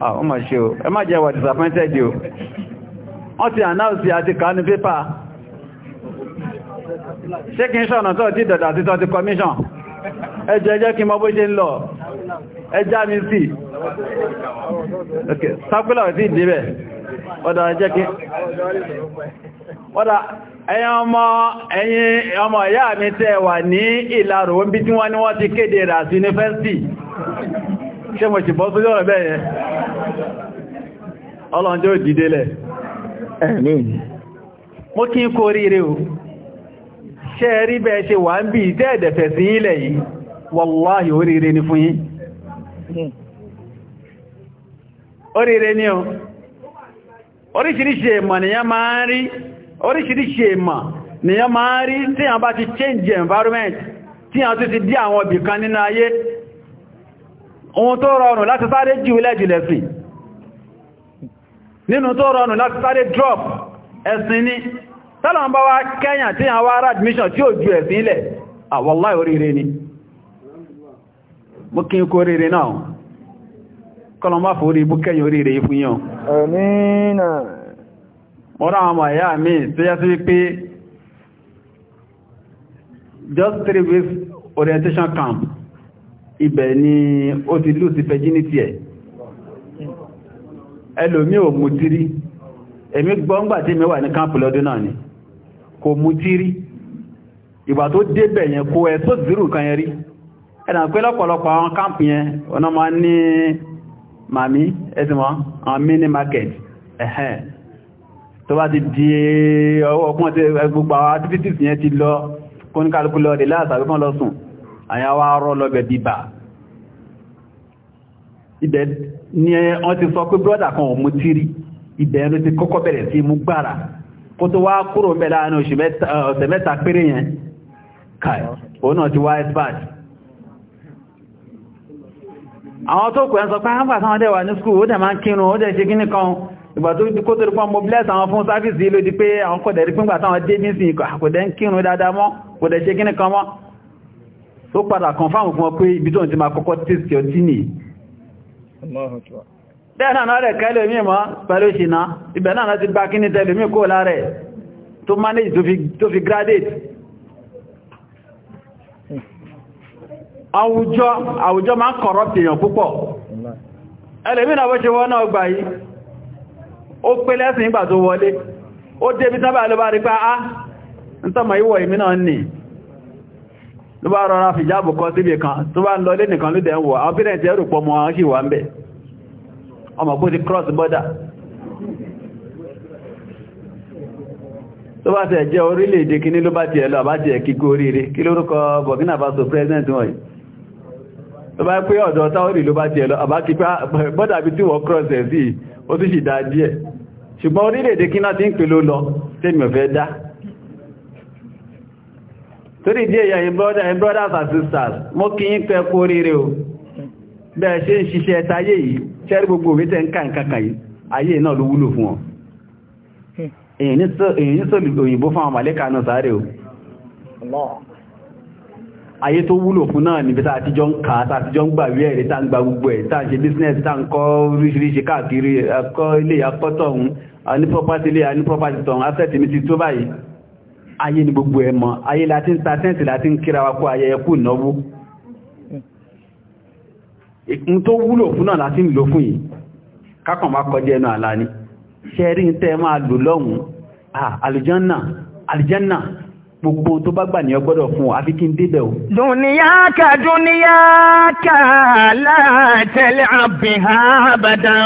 Ah, ọ ma ṣe o ẹ má jẹ́ wà disappointed o wọ́n ti announce àti kánú paper, ṣé kí n ṣọ̀nà tó ti dọ̀dà títọ́ ti commission ẹjọ́ ẹjọ́ kí mọ́ bó ṣe ń lọ ẹjá mi sí sápílà ò tí ìdíbẹ̀ ọ̀dọ̀ ẹjẹ́ kí ọ̀dọ̀ ẹ̀yin ọmọ ẹ̀yin ọmọ ìyá mi tẹ́ wà ní ìlàrò ń bí tí wọ́n ní wọ́n ti kéde rà sí yunifásitì ṣe mọ̀ ṣìbọ́ tó yọ́rọ̀ bẹ́ẹ̀ yẹn ọlọ́njẹ́ ò dìde lẹ̀ kí ń kó oríire o ṣe rí bẹ́ẹ̀ ṣe wà ń bí ìtẹ́ ẹ̀dẹ̀fẹ̀ sí ilẹ̀ yìí wàláhì oríire ni fún yín oríire ni o oríṣiríṣi èmọ̀ nìyàn máa máa ń rí àwọn ohun tó rọrùn láti sáré jùlẹ̀ jùlẹ̀ sí nínú tó rọrùn láti sáré drop ẹ̀sìn ní tọ́lọ̀n bá wá kẹ́yàn tí àwọn ará admission tí ó ju ẹ̀sìn ilẹ̀ àwọ̀lá oríire ni mú kí n kó oríire náà kọlọ̀ má fòrí ibú kẹ́yàn oríire just three weeks orientation camp ibẹ̀ ni ó ti lù sí fẹjínítì ẹ̀ ẹlòmí ò mú tírí èmi gbọ́ngbà tí mi wà ní káàpù lọ́dún náà ni kò mú tírí ìgbà tó débẹ̀ yẹn kó ẹ tó zírù kan yẹn rí ẹ̀nà pé lọ́pọ̀lọpọ̀ àwọn káàpù yẹn ọ̀nà máa ní màmí ẹ̀sìnwọ́n àwọn market ẹ̀hẹ́n tó bá ti di ọwọ́ ọkùnrin gbogbo àwọn activities yẹn ti lọ kóníkálukú lọ rẹ̀ àyàwó arọ́ lọ́bẹ̀ bíbà ibẹ̀ ni wọ́n ti sọ pé brọ́dà kan ò mú tírí ibẹ̀ ẹnu ti kọ́kọ́ bẹ̀rẹ̀ sí mú gbára kó tó wá kúrò mẹ́ láàrin ọ̀sẹ̀ mẹ́ta péré yẹn kai òun náà ti wá expert àwọn tó kù ẹ́ sọ pé hánfà ah, sáwọn dẹ̀ wà ní skúl ó dẹ̀ máa ń kírun ó dẹ̀ ṣe gíní kan ìgbà tó kó tó rípọ́n mo bless àwọn fún sáfíìsì ló di pé àwọn kọ̀dẹ̀ rí pínpà táwọn dé ní sí kò dẹ̀ ń kírun dáadáa mọ́ kò dẹ̀ ṣe gíní kan mọ́ tó padà kan fáwọn fún ọ pé ibi tó ń ti máa kọ́kọ́ tèsì ọtí nì bẹ́ẹ̀ náà rẹ̀ kẹ́lẹ̀ mí mọ́ pẹ̀lú ìṣìná manage tó fi graduate àwùjọ àwùjọ máa ń corrupt èèyàn púpọ̀ ẹlẹ́mìnà bó ṣe wọ́n náà gbà yìí ó pé lẹ́sìn ìgbà tó wọlé ó débi tábà ló bá rí pé á ah, ń tọ́mọ̀ ìwọ̀ ìmìnà nìí ló bá rọra fi jáàbù kọ síbi kan tó bá ń lọ lé nìkan ló dẹ̀ ń wọ̀ àwọn pírẹ̀ntì ẹrù pọ̀ mọ́ àwọn sì wà ń bẹ̀ ọmọ kó ti cross border tó bá tẹ̀ jẹ́ orílẹ̀-èdè kí ní ló bá ti ẹ̀lọ kí lórúkọ Burkina Faso president wọ̀nyí tó bá pé ọ̀dọ̀ táórì ló bá ti ẹ̀lọ àbá kí pá bọ́dà torí díẹ̀ yẹn brothers and sisters mo kí yín pẹ́ kó rere o bẹ́ẹ̀ ṣe ń ṣiṣẹ́ ẹ̀tayé yìí ṣẹ́rí gbogbo òwe tẹ́ ń ká nǹkankan yìí ayé náà ló wúlò fún ọ èyí sọ́lù òyìnbó fún àwọn màlẹ́kà náà sáré o ayé tó wúlò fún náà níbi tá àtijọ́ ń kà á tá àtijọ́ ń gbà wí ẹ̀rí tá ń gba gbogbo ẹ̀ tá ń ṣe business tá ń kọ́ oríṣiríṣi káàkiri a ní property ilé a ayé ni gbogbo ẹ mọ̀ ayé láti ń sàtẹ́ǹtì láti ń kíra wa kó ayẹ ẹkù náwó ìkún tó wúlò fún náà láti ń lò fún yìí kákan bá kọjá ẹnu àlá ni ṣẹ́rí tẹ́ máa lò lọ́hùn-ún gbogbo tó bá gbà ní ọgbọ́dọ̀ fún àfi kí n débẹ̀ o. dùnìyàkà dùnìyàkà látẹ̀lẹ̀ àbìhà àbàdàn.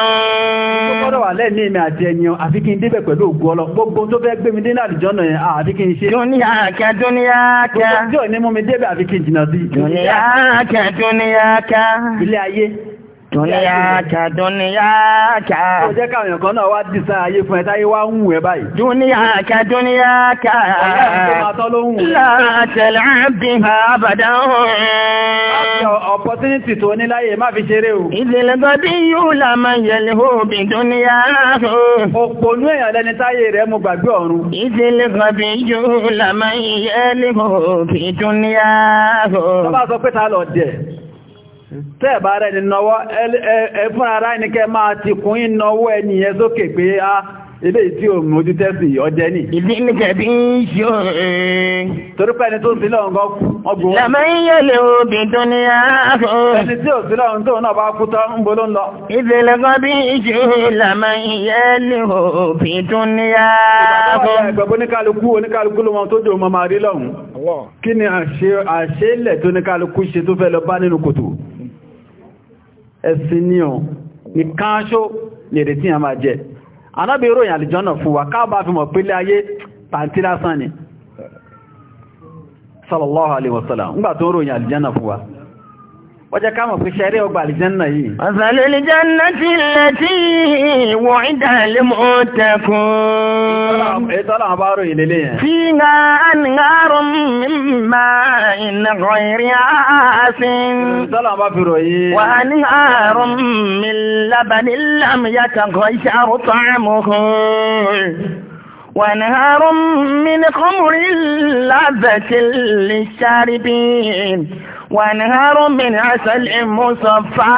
gbọ́dọ̀ wà lẹ́ẹ̀ní mi àti ẹ̀yàn àfi kí n débẹ̀ pẹ̀lú ògùn ọlọ gbogbo tó fẹ́ gbé mi dé láàrúdjọ́ náà yẹn àfi kí n ṣe. dùnìyàkà dùnìyàkà. gbogbo tí ò ní mú mi débẹ̀ Dúníyá kà dúníyá kà. Ó jẹ́ káwọn èèyàn kan náà wá dìsá ayé fún ẹ̀táyé wá ń wù ẹ báyìí. Dúníyá kà dúníyá kà. Ọ̀yá Opportunity tó ní láyé má fi ṣeré o. Ìdìlẹ̀gọ́dí yóò là máa yẹlẹ̀ òbí dúníyá hù. Òpònú èèyàn lẹni táyé tẹ́ẹ̀bá rẹ̀ ni nọwọ́ ẹfún ara ní kẹ máa ti kún in nọwọ́ ẹni yẹn sókè pé a ah, ilé tí o ojú tẹ́sì ọjẹ́ ní ìdí ní kẹbí ń ṣe òun torípẹ́ ni tó sílẹ̀ ọ̀gọ́ ọgbọ̀n lẹ́mọ̀ ń yẹ lè obì tó ní ààfọ́ ẹni tí ò sílẹ̀ ọ̀hún tó náà bá kú tọ́ ń boló ń lọ ìdílẹ́gọ́ bí ń ṣe lẹ́mọ̀ ń yẹ lè obì tó ní ààfọ́ ìgbàgbọ́ tó jò mọ́ máa rí lọ́hùn kí ni tó oníkálukú ṣe tó ẹ̀sìn ni ọ̀ ni káánṣó lèrè tí a máa jẹ anábì ìròyìn àlìjọ́nà fún wa káàbà fi mọ̀ pílé ayé pàntí sallallahu alaihi wasallam ngbà tó ròyìn àlìjọ́nà fún wa wọ́jẹ́ káàmù fi ṣeré ọgbà àlìjẹ́nà yìí. Masalul jannati allati wu'ida al-muttaqun. Ìtọ́lá àwọn bá rò ìlélé yẹn. Fiha anharun min ma'in bá rò yìí. من خمر لذة للشاربين وانهار من عسل مصفى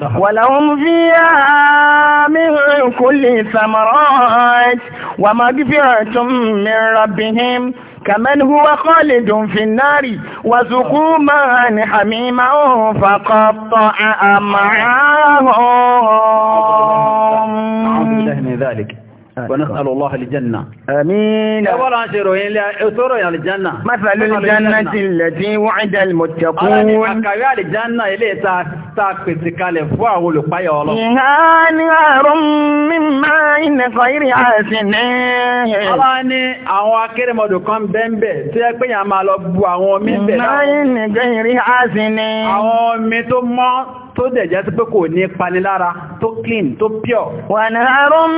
نعم. ولهم فيها من كل الثمرات ومغفرة من ربهم كمن هو خالد في النار وسقوا ماء حميما فقطع أمعاهم أعوذ بالله من ذلك ونسأل الله الجنة آمين أولا أسروا الجنة مثل الجنة التي وعد المتقون أكاوى الجنة إليه تاكتك لفواه لقيا الله فيها نهار من ماء غير عاسن Ọlá ní àwọn akérèmọdò kan bẹ́ẹ̀bẹ̀ tí ẹ pé yà máa lọ bu àwọn omi bẹ̀rẹ̀. Máa ń gẹ̀rẹ̀ ààsìn ni. Àwọn tó dẹ̀jẹ́ sí pé kò ní panilára tó clean tó pure. wọ́n ní àrùn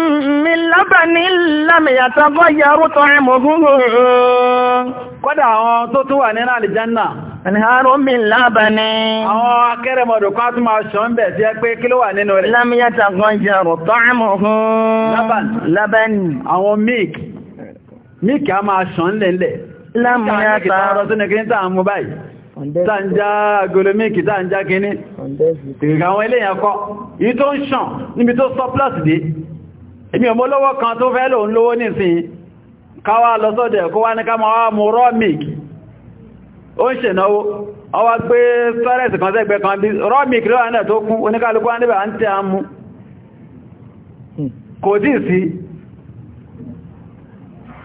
mi lábà ní lámìyàtọ̀ bọ́ yàrú tó rìn mọ́gúnrò. kọ́dà àwọn tó tún wà nínú àlìjánà. Àníháró mi lábà ní. Àwọn akẹ́rẹ̀mọ̀dù kan tún máa ṣọ́ ń bẹ̀ sí ẹ pé kí ló wà nínú rẹ̀. Lámìyàtọ̀ kan jẹrù tọ́rìmọ̀ hún. Lábàn. Àwọn míìk. Míìkì a máa ṣọ́ ń lẹ̀lẹ̀. Lámìyàtọ̀. Kí tàǹjá agolomíkì tàǹjá kìíní ìgbàwọn eléyàn kọ́ yìí tó ń ṣàn níbi tó sọ plọ́sì dé èmi ọmọ olówó kan tó fẹ́ lòun lówó nìsìn káwà lọ́sọ́dẹ̀ kó wá ní ká máa mú rọ́mìkì ó ń ṣènáwó ọwá gbé sọ́rẹ̀sì kan sẹ́gbẹ́ kan bí rọ́mìkì lọ́wọ́ náà tó kún oníkálukú wá níbà ń tẹ́ àmú hmm. kò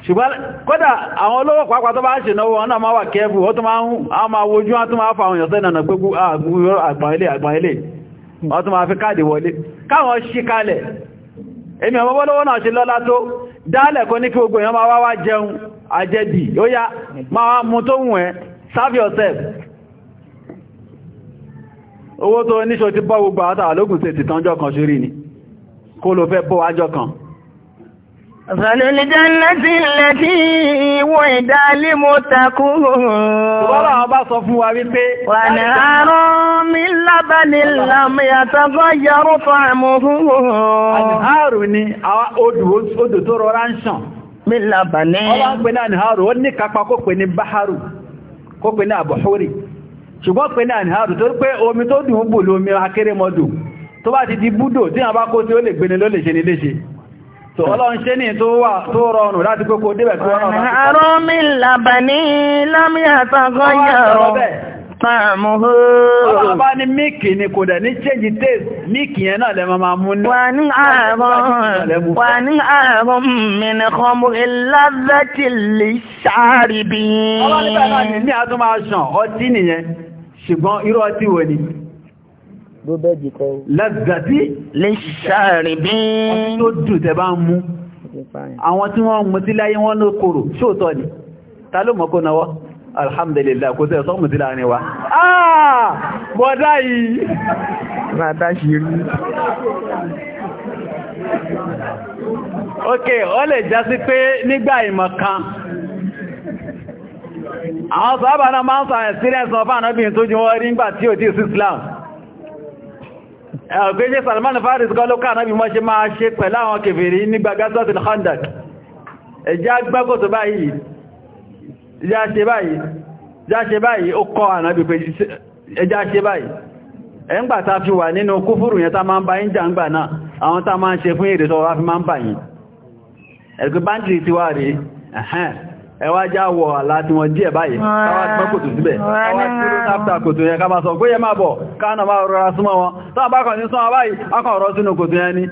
ṣùgbọ́n kódà àwọn olówó pàápàá tó bá ṣe náwó wọn náà máa wà kẹ́ẹ̀bù ó tó máa ń àwọn máa wojú wọn tó máa fa àwọn ìyọ̀sẹ́ ìnànà gbogbo ah, àgbọ̀n ilé àgbọ̀n ilé wọ́n tó máa fi káàdì wọlé káwọn ṣe yourself owó tó níṣò ti bọ́ gbogbo àtàlógún ṣe ti tánjọ́ kan ṣorí ni kó ló fẹ́ bọ́ wájọ́ kan Fẹ̀lúlìjánlẹ́tì lẹ́tí ìwò ìdálé mo takú. Wọ́n bá sọ fún wa wípé. Wà ní àárọ̀ mi lábàlì lámì àtàgọ́ yọrù fún àmúhùn. Àníhàrù ni odò tó rọra Ṣùgbọ́n pè àníhàrù tó pé omi tó dùn ún bù lómi akérèmọdù. Tó bá ti di búdò tí àwọn bá kó sí ó lè gbéni ló ṣe ni léṣe so ọlọ́run ṣe ní tó wà tó rọrùn láti kókó débẹ̀ tó rọrùn láti àrọ́ mi làbà ní lámíyàtàkọ́ yàrọ̀ pàmùhó ọlọ́run ní míkì ní kò dẹ̀ ní change taste míkì yẹn náà lẹ́mọ máa mú ní wà ní ààrùn ló bẹ́ẹ̀ di kọ́. lẹ́gàdí lè ṣàrìn bí. ọtí tó dùn tẹ bá ń mú. àwọn tí wọ́n mutí láyé wọ́n ló korò ṣóòtọ́ ni ta ló mọ̀ kó náwọ́ alhamdulillah kò sẹ́ sọ́mù sí láàrin wa. Ah! bọ́dá yìí. bàtà ṣe rí. ok ó lè já sí pé nígbà ìmọ̀ kan àwọn sọ́bàá náà máa ń sọ experience ọba ànábìnrin tó jí wọ́n rí nígbà tí ò tí sí Islam ọ̀gbẹ́jẹ́ Salman Faris gọ́lọ́kà náà bí wọ́n ṣe máa ṣe pẹ̀lú àwọn kèfèrí nígbà gazatil Khandak ẹjá gbákòtò báyìí já ṣe báyìí ó kọ́ ànábì pé ẹjá ṣe báyìí ẹ̀ngbà ta fi wà nínú kúfùrù yẹn ẹwà já wọ àláti wọn díẹ̀ báyìí káwà pẹ́ kòtò síbẹ̀ káwà dúró táptà kòtò yẹn ká sọ pé yẹ máa bọ̀ ma rọra súnmọ́ wọn tán bá a ní súnmọ́ báyìí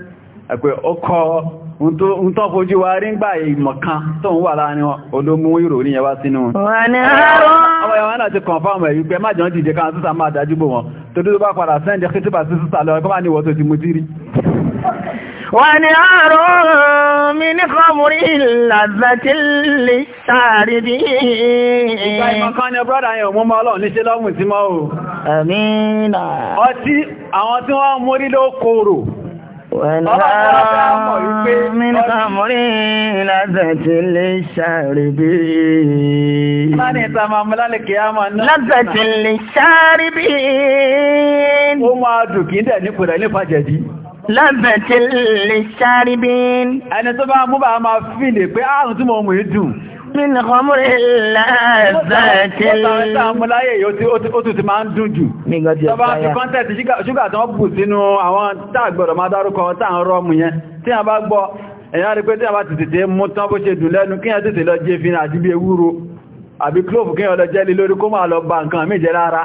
fojú wa rí ń gbà ìmọ̀kan tó ń wà láàrin olómú yẹn wá sínú wọn. ọmọ náà ti kọ̀nfàmù ẹ̀yí pé májọ̀ kan sísà máa dájú bò wọn tó dúdú bá padà sẹ́ndẹ̀ sí sísà lọ tó ونهار من خمر لذة للشاربين Ìgbà ìmọ̀kan ni brọ́dà yẹn ò mú mọ́ ọlọ́run ní ṣe lọ́mù tí mọ́ o. Àmìnà. Ọtí àwọn tí wọ́n mú rí ló kòrò. ونهار من خمر لذة Ó máa dùn kí ń dẹ̀ ní kò dẹ̀ ní lọ́bẹ̀tẹ̀ lè ṣárí bí ẹni tó bá mú bá máa fi lè pé àrùn tí mo mú ìdùn nínú ọmọrẹ lọ́bẹ̀tẹ̀ lọ́bẹ̀tẹ̀ ó tún ti máa ń dùn jù tọba fi kọ́ntẹ̀tì ṣúgà tán bù sínú àwọn tàgbọ̀rọ̀ máa dárúkọ tàn rọmù yẹn tí a bá gbọ́ èyàn rí pé tí a bá tètè mú tán bó ṣe dùn lẹ́nu kí a tètè lọ jẹ́ fínà àti bí ewúro àbí klóòfù kí a lọ jẹ́ lé lórí kó máa lọ ba nǹkan mí jẹ́ rárá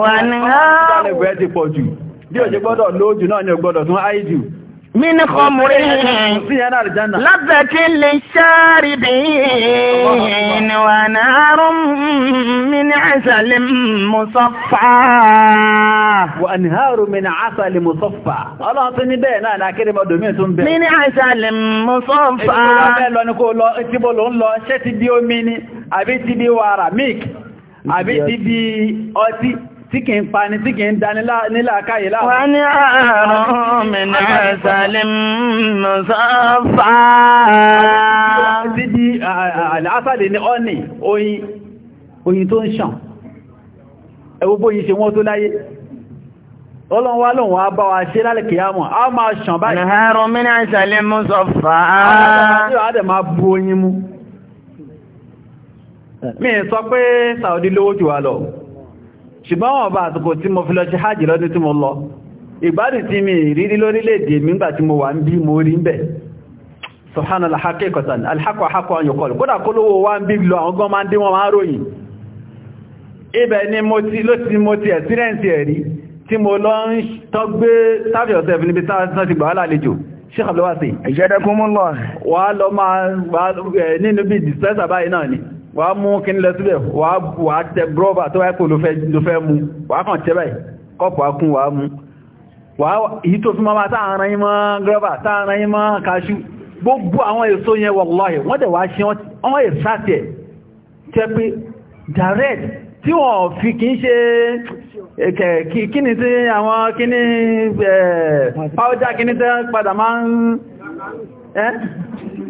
wà ní ọ́ bí òjì gbọ́dọ̀ lóòjù náà ni ò gbọ́dọ̀ tún áìjù من خمره لذة للشاربين ونار من عسل مصفى وأنهار من عسل مصفى الله تني بينا أنا كريم أدومين تنبي من عسل مصفى اتبو لون لون شتي بيو ميني أبي تبي وارا ميك أبي تبي أوتي tí kìí pa ní tí kìí dá níláàkáyè láàrín. wọ́n ní àrùn mìnà salim musafa. títí àlásàdé ní ọ́nì oyin oyin tó ń ṣàn ẹwọ́ bóyí ṣe wọ́n tó láyé ọlọ́run wá bá wa ṣe lálẹ́kìyàmọ̀ a máa ṣàn báyìí. ṣùgbọ́n wọn bá àsìkò tí mo fi lọ ṣe hajj lọ́dún tí mo lọ ìgbádùn tí mi rírí lórílẹ̀-èdè mígbà tí mo wà ń bí mo rí ń bẹ̀ sọ̀hánà alhaka ìkọ̀tàn alhaka àhaka ọyọ̀kọ̀lù kódà kó lówó wá ń bí lọ àwọn gan máa ń dé wọn máa ròyìn ni mo ti ló ti mo ti ẹ̀sírẹ́ǹsì ẹ̀rí tí mo lọ ń tọ́gbé sáfì ọ̀sẹ̀ níbi sáà náà ni wà á mú kí ní lọ síbẹ̀ wà á tẹ brọ́bà tó wáyé kò ló fẹ́ mú wà á kàn tẹ́ báyìí kọ́pù akún wà á mú wà á yí tó fún mama táàrin yí mọ́ grọ́bà táàrin yí mọ́ kaṣú gbogbo àwọn èso yẹn wallahi wọ́n dẹ̀ wá ṣe direct tí wọ́n fi kí ń ṣe kí ni tí àwọn kí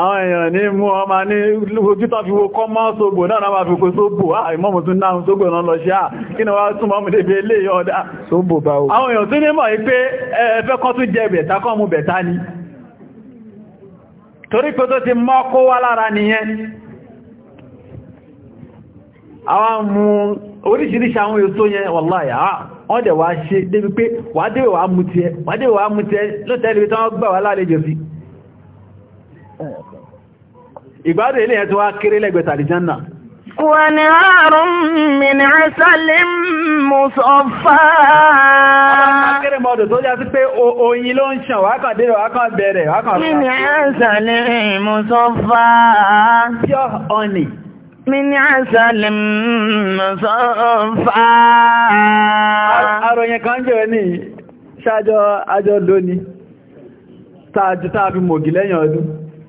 àwọn èèyàn ní mú ọmọ ní ojútọ́ fi wo kọ́ máa sógbò náà máa fi kó sógbò àìmọ́mù ah, tún náà sógbò náà lọ ṣáà ah, kí ni wá tún mọ́mù débi ilé ọ̀dá sógbò bá o àwọn èèyàn tún ní mọ̀ tún jẹ bẹ̀ta torí pé tó ti mọ́ kó ìgbádùn ilé ẹ̀ tó wá kéré lẹ́gbẹ̀ẹ́ àlìjánà ونهار من عسل مصفى àṣàlẹ̀ mùsọ́fà. Pure honey. Mini àṣàlẹ̀ mùsọ́fà. Àròyìn kan jẹ́ ní ṣájọ́ ajọ́ lónìí, mògì lẹ́yìn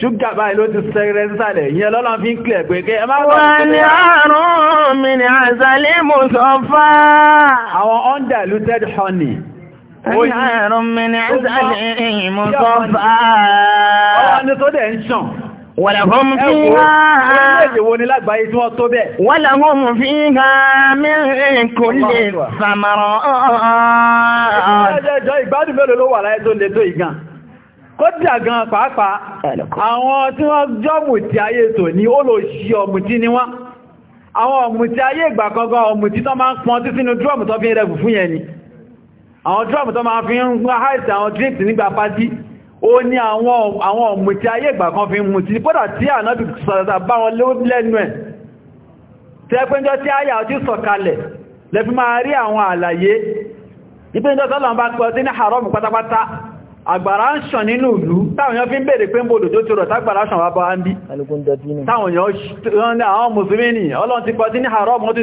ṣúgà báyìí ló ti sẹ́rẹ̀ sísàlẹ̀ ìyẹn lọ́lọ́n fi ń kílẹ̀ pé kí ẹ máa wà ní àrùn mi ni àzàlẹ̀ mú sọ fà àwọn undiluted honey àrùn mi ni àzàlẹ̀ mú sọ fà ọwọ́ tó dẹ̀ Wàlàhùn fi ha ha mẹ́rin kò lè sàmàrán ọ̀ọ̀ọ̀. ìgbádùn mẹ́rin ló wà láyé tó lè tó ìgàn kódà gan pàápàá àwọn tí wọ́n jọ́mù tí ayé tò ní ó lò ṣí ọ̀mùtí ni wọ́n àwọn ọ̀mùtí ayé ìgbà kankan ọ̀mùtí tán máa ń pọn tí sínú drọ́mù tó fi rẹ̀bù fún yẹn ni àwọn drọ́mù tó máa fi ń gún àìsí àwọn drinks nígbà pátí ó ní àwọn ọ̀mùtí ayé ìgbà kan fi ń mutí kódà tí ànábì sọ̀rọ̀sà bá wọn lẹ́nu ẹ̀ tẹ́pẹ́jọ́ tí àyà ọtí sọ̀kalẹ̀ lẹ́fí máa rí àwọn àlàyé ìpéjọ́ tọ́lọ̀ bá pẹ́ sí ní haram pátápátá àgbàrá ń ṣàn nínú ìlú táwọn èèyàn fi ń bèèrè pé ń bòdò tó ti rọ̀ tágbàrá ṣàn wá bá ń bí táwọn èèyàn àwọn mùsùlùmí ni ọlọ́run ti pọ̀ sí ní haram wọ́n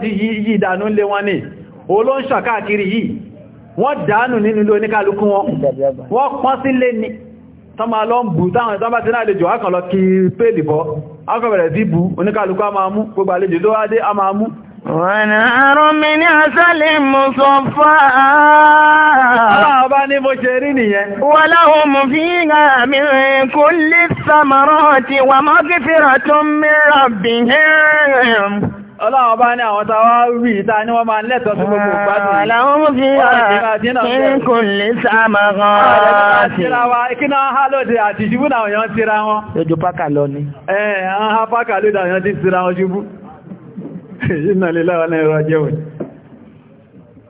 ti yí ìdánú lé wọn ní olóńṣàn káàkiri yìí wọ́n dánù nínú ilé oníkálukú wọn wọ́n pọ́n sí lé ní tọ́mà lọ ń bù táwọn ìtọ́mà tí náà lèjò ákànlọ kí Wọ̀nàárún mi ní àṣálì mùsọ̀fà. Ọlọ́ọ̀bá ní mo ṣe rí nìyẹn. Wọ́n láwọn mú fi ń àmì kò lè sàmọ̀rọ̀ ti wà mọ́ kí fèrè tó mìíràn bí i ọlọ́wọ́ bá ní àwọn tàwà rí ìta ní wọ́n máa ń lẹ́tọ̀ sí gbogbo ìgbádùn aláwọ̀ fi ààrín kò lè sáàmàrán àti ìkíná hálòdì àti ìṣubú náà yọ́n tíra wọn iná lílá ọ̀nà ẹ̀rọ jẹ́ òní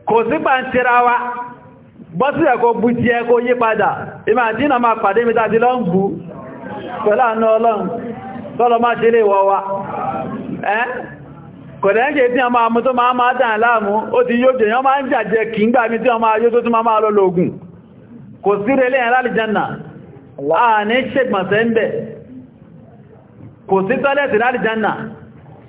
kò sí ń tira wa bọ́sí ẹ̀kọ́ bú ti ẹkọ́ yí padà ìmá máa pàdé àánú ọlọ́run tọ́lọ máa ṣe lè wa kò tí ọmọ amú tó máa máa dàn láàmú ó ti yóò máa ń jàjẹ́ kì ń gbà tí ọmọ ayó tó tún máa lọ lògùn kò sí relé ẹ̀rá ṣègbọ̀nsẹ̀ ń bẹ̀ kò sí tọ́lẹ̀tì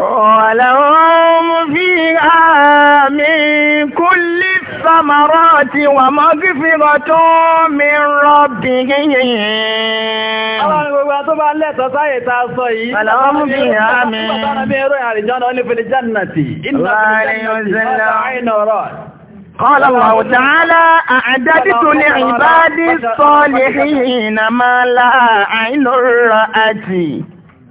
ولهم فيها من كل الثمرات ومغفرة من ربهم tó bá lẹ́tọ̀ sáyé ta sọ yìí. Àlàmú fi àmì. Àbí ẹ̀rọ àrìjọ́nà ó ní fèlè jannati. Iná fèlè jannati. Àìnà ọ̀rọ̀. قال الله تعالى أعددت لعبادي الصالحين ما لا عين رأت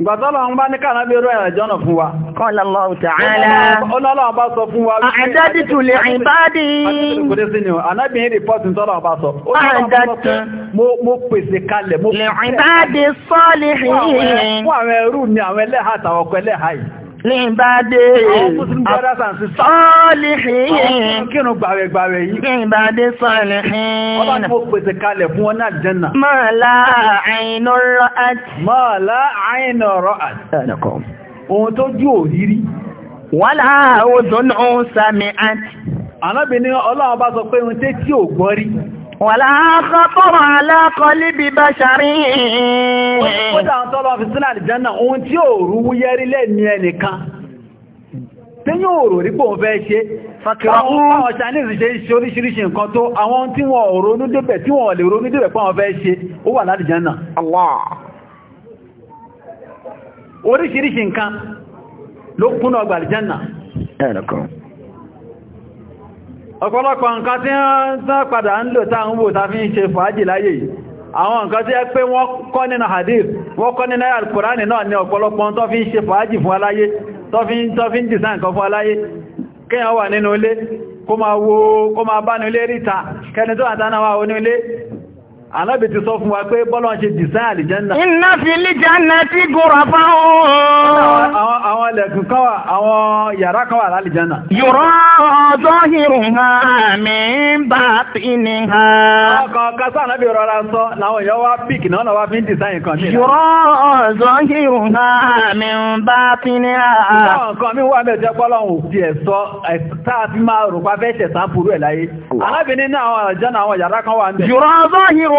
Gbàtọ́lọ̀ ń bá ní kànáà bí rọ ìrìnjọ́nà fún wa. Qala Allahu ta'ala. Ọlọ́lọ́wọ́ bá sọ fún wa. A'dadtu li'ibadi. Anábìnrin rìpọ́tì tọ́lọ̀ bá sọ. A'dadtu. Mo pèsè kalẹ̀. Li'ibadi salihin. Fún àwọn ẹrú mi, àwọn ẹlẹ́hà àtàwọn ọkọ̀ ẹlẹ́hà yìí. Límbádé sọ́ọ̀lìhìn. Kínú gbàwẹ̀gbàwẹ̀ yìí. Límbádé sọ́ọ̀lìhìn. Ọba ni mo pèsè kalẹ̀ fún wọn náà jẹ́nà. Máa láàárín ọ̀rọ̀ àti. Máa láàárín ọ̀rọ̀ àti. Ẹnìkan. Ohun tó jú òrírí. Wọ́n láàá Wàlá àkọ́kọ́rọ̀ alákọ̀ọ́líbi bá ṣàrí. Ó dáhùn tọ́lọ ọ̀fìsílà àlìjánà, ohun tí ò rúwú yẹ́rí lẹ́ni ẹnìkan. Tí yóò rò rí pò ń fẹ́ ṣe, àwọn Chinese ṣe ṣe oríṣiríṣi nǹkan tó àwọn tí wọ́n ronú débẹ̀ tí wọ́n lè ronú débẹ̀ pọ́n fẹ́ ṣe, ó wà lálìjánà. Oríṣiríṣi nǹkan ló kúnnà ọ̀pọ̀lọpọ̀ nǹkan tí wọ́n padà ń lò táa ń wò ta fi ń ṣe fàájì láyé yìí àwọn nǹkan tí ẹ pé wọ́n kọ́ nínú hadith wọ́n kọ́ nínú alkùránì náà ni ọ̀pọ̀lọpọ̀ tó fi ń ṣe fàájì fún aláyé tó fi ń nǹkan fún aláyé wà nínú ilé kó máa Ànábì ti sọ fún wa pé bọ́lọ́ ṣe dìsán àlìjẹ́nà. Iná fi líjànà tí gòrò fáwọn. Àwọn ẹlẹ́kùn kan àwọn yàrá kan wà Yòrò ọjọ́ hìrùn ha mi bá ti ní ha. Ọkọ̀ kásá Ànábì rọra sọ, làwọn èèyàn wá pìkì náà wá fi ń dìsán nǹkan mi. Yòrò ọjọ́ hìrùn ha mi bá ti ní ha. Ìjọ́ nǹkan mi wà mẹ́jọ bọ́lọ́ òfì ẹ̀sọ́ tá a fi máa rò pa fẹ́ ṣẹ̀sán fúrú ẹ̀ láyé. Ànábì nínú àwọn àlìjẹ́nà àwọn yàrá kan wà ń bẹ̀. Yòrò ọjọ́ hìrù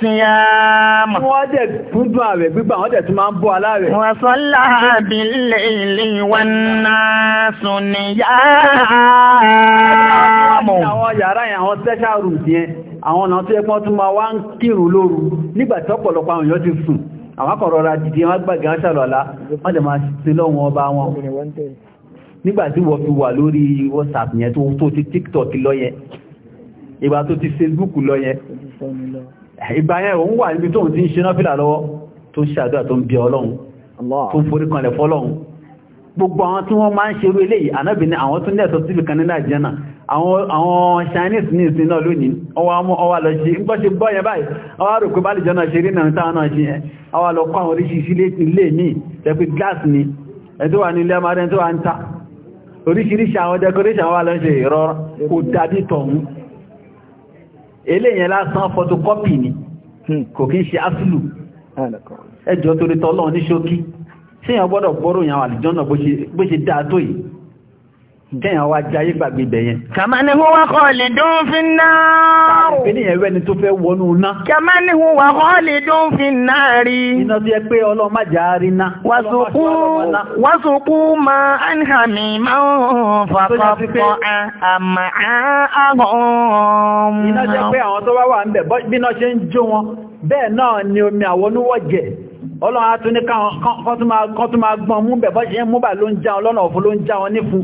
síyáàmù. Wọ́n dẹ̀ tún dùn àwẹ̀ gbígbà, wọ́n dẹ̀ tún máa ń bọ́ aláàrẹ̀. Wọ́n sọ láàbí lè lè wọ́n náà sùn ní yáàmù. Àwọn yàrá yẹn, àwọn special àwọn ọ̀nà tó wọ́n fi wà lórí WhatsApp yẹn tó ti TikTok lọ yẹn, ìgbà tó ti Facebook lọ yẹn ìgbà yẹn òun wà níbi tóun ti ń ṣe náfílà lọ́wọ́ tó ń ṣàdúrà tó ń bí ọlọ́run tó ń forí kanlẹ̀ fọ́lọ́run gbogbo àwọn tí wọ́n máa ń ṣerú eléyìí ànábì ní àwọn tún lẹ́ẹ̀sọ sílù kan ní nàìjíríà àwọn chinese ní ìsin náà lónìí ọwọ́ mọ́ ọwọ́ lọ ṣe ń gbọ́ṣe bọ́ yẹn báyìí ọwọ́ rò pé bá lè ṣe rí náà táwọn náà ṣe ọwọ́ lọ kọ́ àwọn oríṣiríṣi ilé ní tẹ́pẹ́ glass ni ẹ̀tọ́ wà ní ilé ọmọdé tó wà ń ta oríṣiríṣi àwọn decoration wà lọ ìrọ́ kò dàbí tọ̀hún eléyẹn lásán fọ́tòkọ́pì ni hmm, kò kí ń ṣe asìlù ah, ẹjọ́ torítọ́ ọlọ́run ní ṣókí síyàn gbọ́dọ̀ gbọ́rò yàn àlìjọ́nà bó ṣe dáa tó yìí kẹ́yàn wá jẹ́ ayé gbàgbé bẹ̀yẹn. kàmá ní hu wá kọ́ lè dún fi náà. ìpínlẹ̀ yẹn wẹ́ni tó fẹ́ wọnú iná. kàmá ní hu wá kọ́ lè dún fi náà rí. iná tó yẹ pé ọlọ́run má jà á rí ná. wàsùkú ń hà mí máa ń fàkọ́ pọ̀ àmà àgùn. iná jẹ́ pé àwọn tó bá wà ń bẹ̀ bí iná ṣe ń jó wọn bẹ́ẹ̀ náà ni omi àwọn oníwọ̀jẹ̀ ọlọ́run á tún ní kán tún máa gbọ́n mú bẹ̀ bọ́ ṣe ń mú bà ló ń já wọn lọ́nà ọ̀fun ló ń já wọn nífun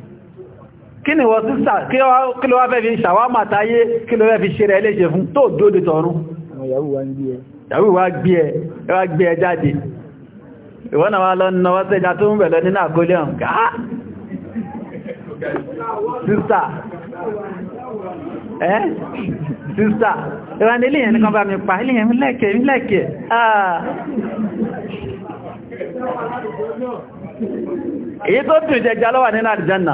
kí ni wọ́n sísà kí ló wá fẹ́ fi ṣàwámà táyé kí ló fẹ́ fi ṣe rẹ̀ léṣe fún tó dóde tọrún yàwó wá gbé ẹ jáde ìwọ́n náà sẹ́jà tó ń bẹ̀lẹ̀ nínú àkólé gáà sísà ẹ́ sísà ìwọ́n ni iléyẹn nìkan bá mi pa iléyẹn mi lẹ́kẹ̀ẹ́ mi lẹ́kẹ̀ẹ́ èyí tó dùn jẹjà lọ́wà nínú àdìjánà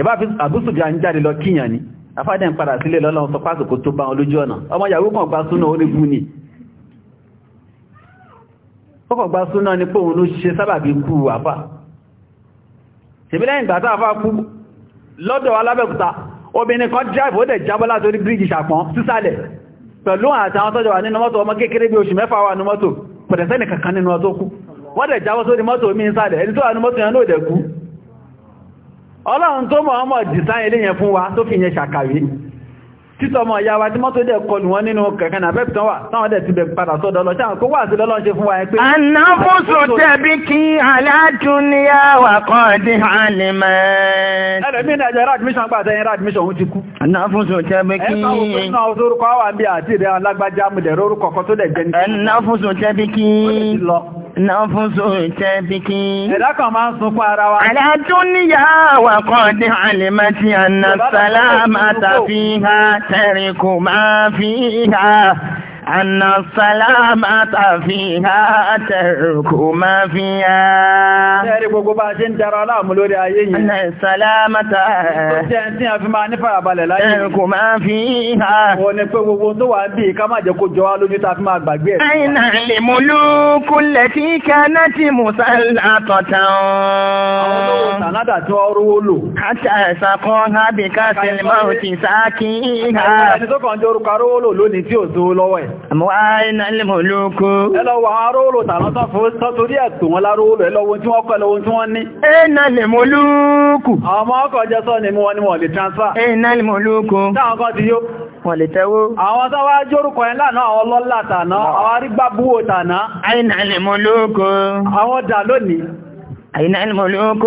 ìbá fi àbúsùgbà ń jáde lọ kíyàn ni afádẹ́ ń padà sílé lọ́lọ́run sọ pásìkò tó bá olójú ọ̀nà ọmọ yàwó kan gba súnà onígun ni ó kàn gba súnà ní pòun ló ṣe sábàbí kú àfà ṣèbílẹ̀ ìgbà tá àfà kú lọ́dọ̀ alábẹ́kúta obìnrin kan jáìbò dẹ̀ jábọ́ látorí bíríjì sàpọ̀n sísàlẹ̀ pẹ̀lú àtàwọn tọ́jọ wà nínú mọ́tò ọmọ kékeré bí oṣù mẹ́fà wà nínú mọ́tò pẹ̀lẹ́sẹ́nì kankan nínú ọlọ́run tó mọ̀ ọmọ jìsán ilé yẹn fún wa tó fi yẹn ṣàkàwé títọ́ ọmọ ìyá wa tí mọ́tò dẹ̀ kọlù wọn nínú kẹ̀kẹ́ náà bẹ́ẹ̀ tán wà táwọn dẹ̀ ti bẹ̀ padà sọ́dọ̀ lọ sáà kó wà sí lọ́lọ́run ṣe fún wa yẹn pé. ànáfóso tẹ̀bí kí aládùnníyà wà kọ́ di àlìmọ́. ẹlẹ́mí ní admission Náfúsù ìtẹ́ bí kí. Ẹ̀dá kan máa ń sunkún ara wa. Àdájọ́ níyà wà kan ní àlèmọ́ tí a nà sálámà tàbí ha tẹ̀rìnkù máa fi ha. أن السلامة فيها ترك ما فيها أن السلامة ترك ما فيها أين الملوك التي كانت مسلطة حتى سقوها بكاس الموت ساكيها Àmúwáyín alìmọ̀ olóko. Ẹlọ́wọ̀ aró olò tààrán tán fún sọ́torí ẹ̀tù wọn láró olò ẹlọ́wọ̀ tí wọ́n kọ́ ẹlọ́wọ̀ tí wọ́n ní. Ẹ̀nà alìmọ̀ olóko. ọmọ ọkọ̀ jẹ́ sọ́ ni mú ni wọ́n lè transfer. Ẹ̀nà alìmọ̀ olóko. Táwọn kan ti yó wọ́n lè tẹ́wó. Àwọn tó wá jórùkọ ẹ̀ lánàá àwọn ọlọ́lá tàná, Ayi na lẹ́tí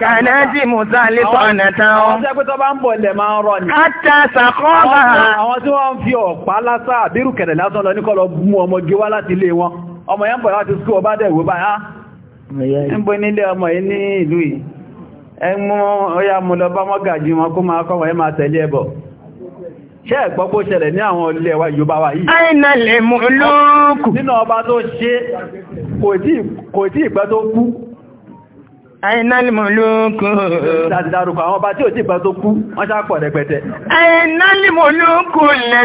kàná sí Musa lítọ̀ ọ̀nà táwọn. Àwọn tí ẹgbẹ́tọ́ bá ń bọ̀ ilẹ̀ máa ń rọ ni. Àtà sàkọ́bà. Àwọn tí wọ́n fi ọ̀pá àbírù kẹ̀rẹ̀ lásán lọ níkọ́ lọ mú ọmọ láti ilé wọn. Ọmọ yẹn bọ̀ láti skú ọba dẹ̀ wó báyá. Ah, ń ṣe ẹ̀gbọ́ kó ṣẹlẹ̀ ní àwọn ilé wa Yorùbá wa yìí. àìnà lè mú lóòkù. nínú ọba tó ṣe kò tí ìpẹ́ tó kú. àìnà lè mú lóòkù. láti dárúkọ àwọn ọba tí ò tí ìpẹ́ tó kú wọ́n ṣá pọ̀ rẹpẹtẹ. àìnà lè mú lóòkù lẹ̀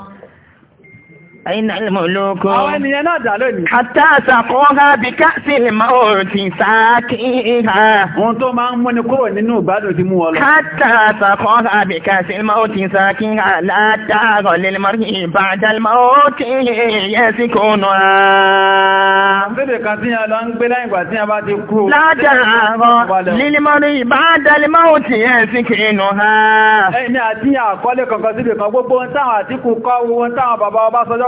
Àyínà ilmọ̀ olóko. Àwọn ènìyàn náà dà lónìí. Kàtà àṣàkọ́ra bí káàsì lè máa ò ti sáàkì ha. Wọ́n tó máa ń múni kúrò nínú ìgbádùn ti mú ọ lọ. Kàtà àṣàkọ́ra bí káàsì lè máa ò ti sáàkì ha látàrọ̀ lè máa rí lè máa ó ti yẹ sí kónú ha. Bébè kan tí yẹn lọ ń àti àkọ́lé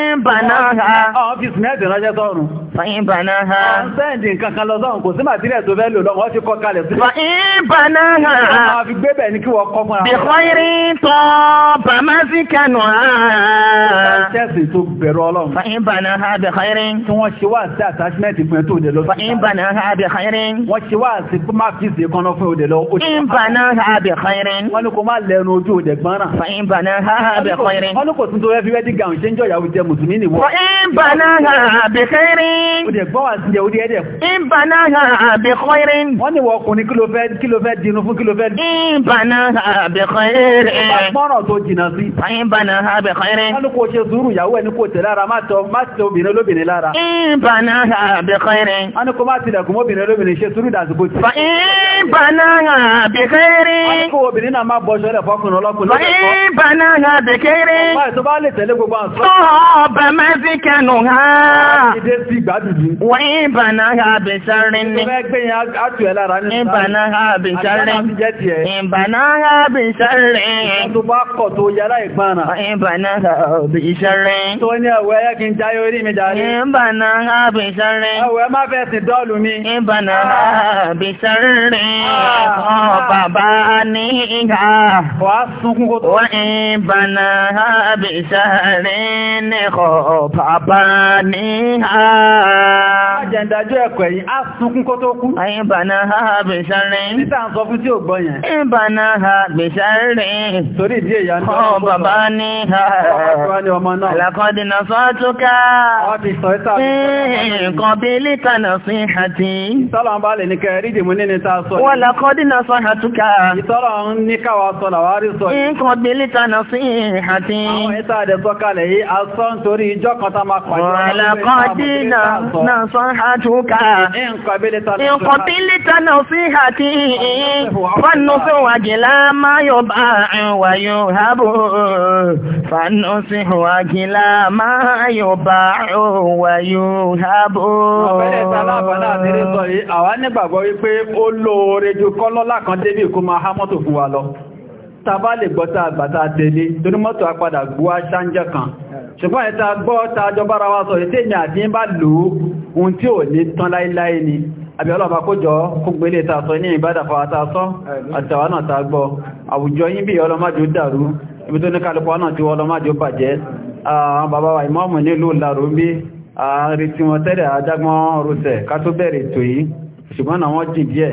fàyín bàná ha. ọ́fíìsì mẹ́ẹ̀tì ránṣẹ́ sọ́run. fàyín bàná ha. ọ̀sẹ́ǹdì nǹkan kan lọ sọ́run kò sí màtílẹ̀ tó fẹ́ lò lọ́wọ́ ti kọ́ kalẹ̀ sí. fàyín bàná ha. ọmọ fi gbé bẹ̀ ní kí wọ́n kọ́ fún ara. bẹ̀kọ́ irin tó bàmá sí kanu ha. ṣẹ́ẹ̀sì tó bẹ̀rù ọlọ́run. fàyín bàná ha bẹ̀kọ́ irin. tí wọ́n ṣe wá sí àtàṣímẹ́ǹtì fún ẹ tó dé lọ. fàyín bàná ha bẹ̀kọ́ irin. wọ́n ṣe wá sí má fi ṣe kan lọ fún òde lọ. fàyín bàná ha bẹ̀kọ́ kò tún tó fẹ́ fi wẹ́dí gàùn ṣe ń jọ ìyàwó jẹ mùsùlùmí nìwọ. ìbànáhà àbẹ̀kẹ́rin. ó dẹ̀ gbọ́ wà sí ẹ̀ ó dẹ̀ dẹ̀. ìbànáhà àbẹ̀kẹ́rin. wọ́n ní wọ ọkùnrin kí ló fẹ́ kí ló fẹ́ dinú fún kí ló fẹ́. ìbànáhà àbẹ̀kẹ́rin. ọgbọ́nràn tó jìnnà sí. ìbànáhà àbẹ̀kẹ́rin. wọ́n ní kò ṣe sùúrù ìyàwó ẹ̀ ní kò tẹ̀ lára má tẹ obìnrin olóbìnrin lára. ìbànáhà àbẹ̀kẹ́rin. wọ́n ní kò má tilẹ̀kùn obìnrin olóbìnrin ṣe sùúrù dàsìkò tí. ìbànáhà àbẹ̀kẹ́rin. wọ́n ní kò obìnrin náà má bọ́ ṣọlẹ̀ fọkùnrin ọlọ́kùnrin. ìbànáhà àbẹ̀kẹ́rin. wọ́n ọba mẹ́sí kẹnu ha. Ìdé sí ìgbádùn yìí. Wọ́n ìbànà ha bè sáré ní. Ìjọba ẹgbẹ́ yẹn á tù lára ní. Ìbànà ha bè sáré. Ìbànà ha bè sáré. Tó bá kọ̀ tó yàrá ìgbàna. Ìbànà ha bè sáré. Tó ní ẹ̀wọ̀ ẹyẹ kí n já yóò rí mi dárí. Ìbànà ha bè sáré. Ẹ̀wọ̀ ẹ má fẹ́ sìn dọ́ọ̀lù mi. Ìbànà ha bè sáré. Ah. bàbá ní ìhà. Wàá sunkún kó tó. Wọ́n ha bè sáré ẹ̀kọ́ bàbá ní ha. Àjẹ̀ndájú ẹ̀kọ́ ẹ̀yìn á sunkún kó tó kú. Ayín bàná ha bèṣáré. Títà ń sọ fún tí ò gbọ́ yẹn. Ayín bàná ha bèṣáré. Torí ìdí èyà ń tọ́jú. Ọ bàbá ní ha. Àlàkọ́dé náà túká. Wọ́n ti sọ ìta. Nǹkan bí líta náà sí àti. Ìtọ́lọ̀ ń torí ìjọ kan tá máa pàdé ọ̀làkọ́dínà náà sọ àtúkà ìkọ̀bílítà náà sí àti fánú sí wàgìlá máyọ̀ bá wàyọ̀ hábò fánú sí wàgìlá máyọ̀ bá wàyọ̀ hábò àwọn nígbàgbọ́ wípé ó lóore ju kọ́lọ́lá kan débì kó máa há mọ́tò fún wa tàbá lè gbọ́ta àgbàta tẹ̀lé torí mọ́tò apadà gbúwá ṣánjẹ́ kan ṣùgbọ́n ẹ̀ta gbọ́ ta jọbára wá sọ ìtẹ́ ìyà àti bá lò ohun tí ò ní tán láíláí ni àbí ọlọ́ba kó jọ kó gbélé ìtàsọ ní ìbádàfàwátàsọ́ àtàwà náà ta gbọ́ àwùjọ yín bí ọlọ́májú dàrú ibi tó ní kálùpọ̀ náà ti ọlọ́májú bàjẹ́ àwọn bàbá wa ìmọ́ọ̀mù nílùú làrú bí àárí tí wọ́n tẹ́lẹ̀ adágbọ́n rúsẹ̀ ká tó bẹ̀rẹ̀ ètò yìí ṣùgbọ́n àwọn jìn díẹ̀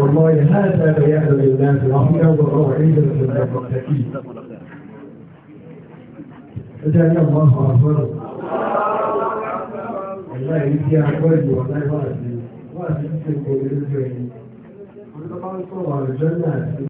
والله هذا بيان للناس رحمه وروعيد المتكين فجعل الله أكبر والله يجي أكبر والله واسع واسع يمكن يقول الجنة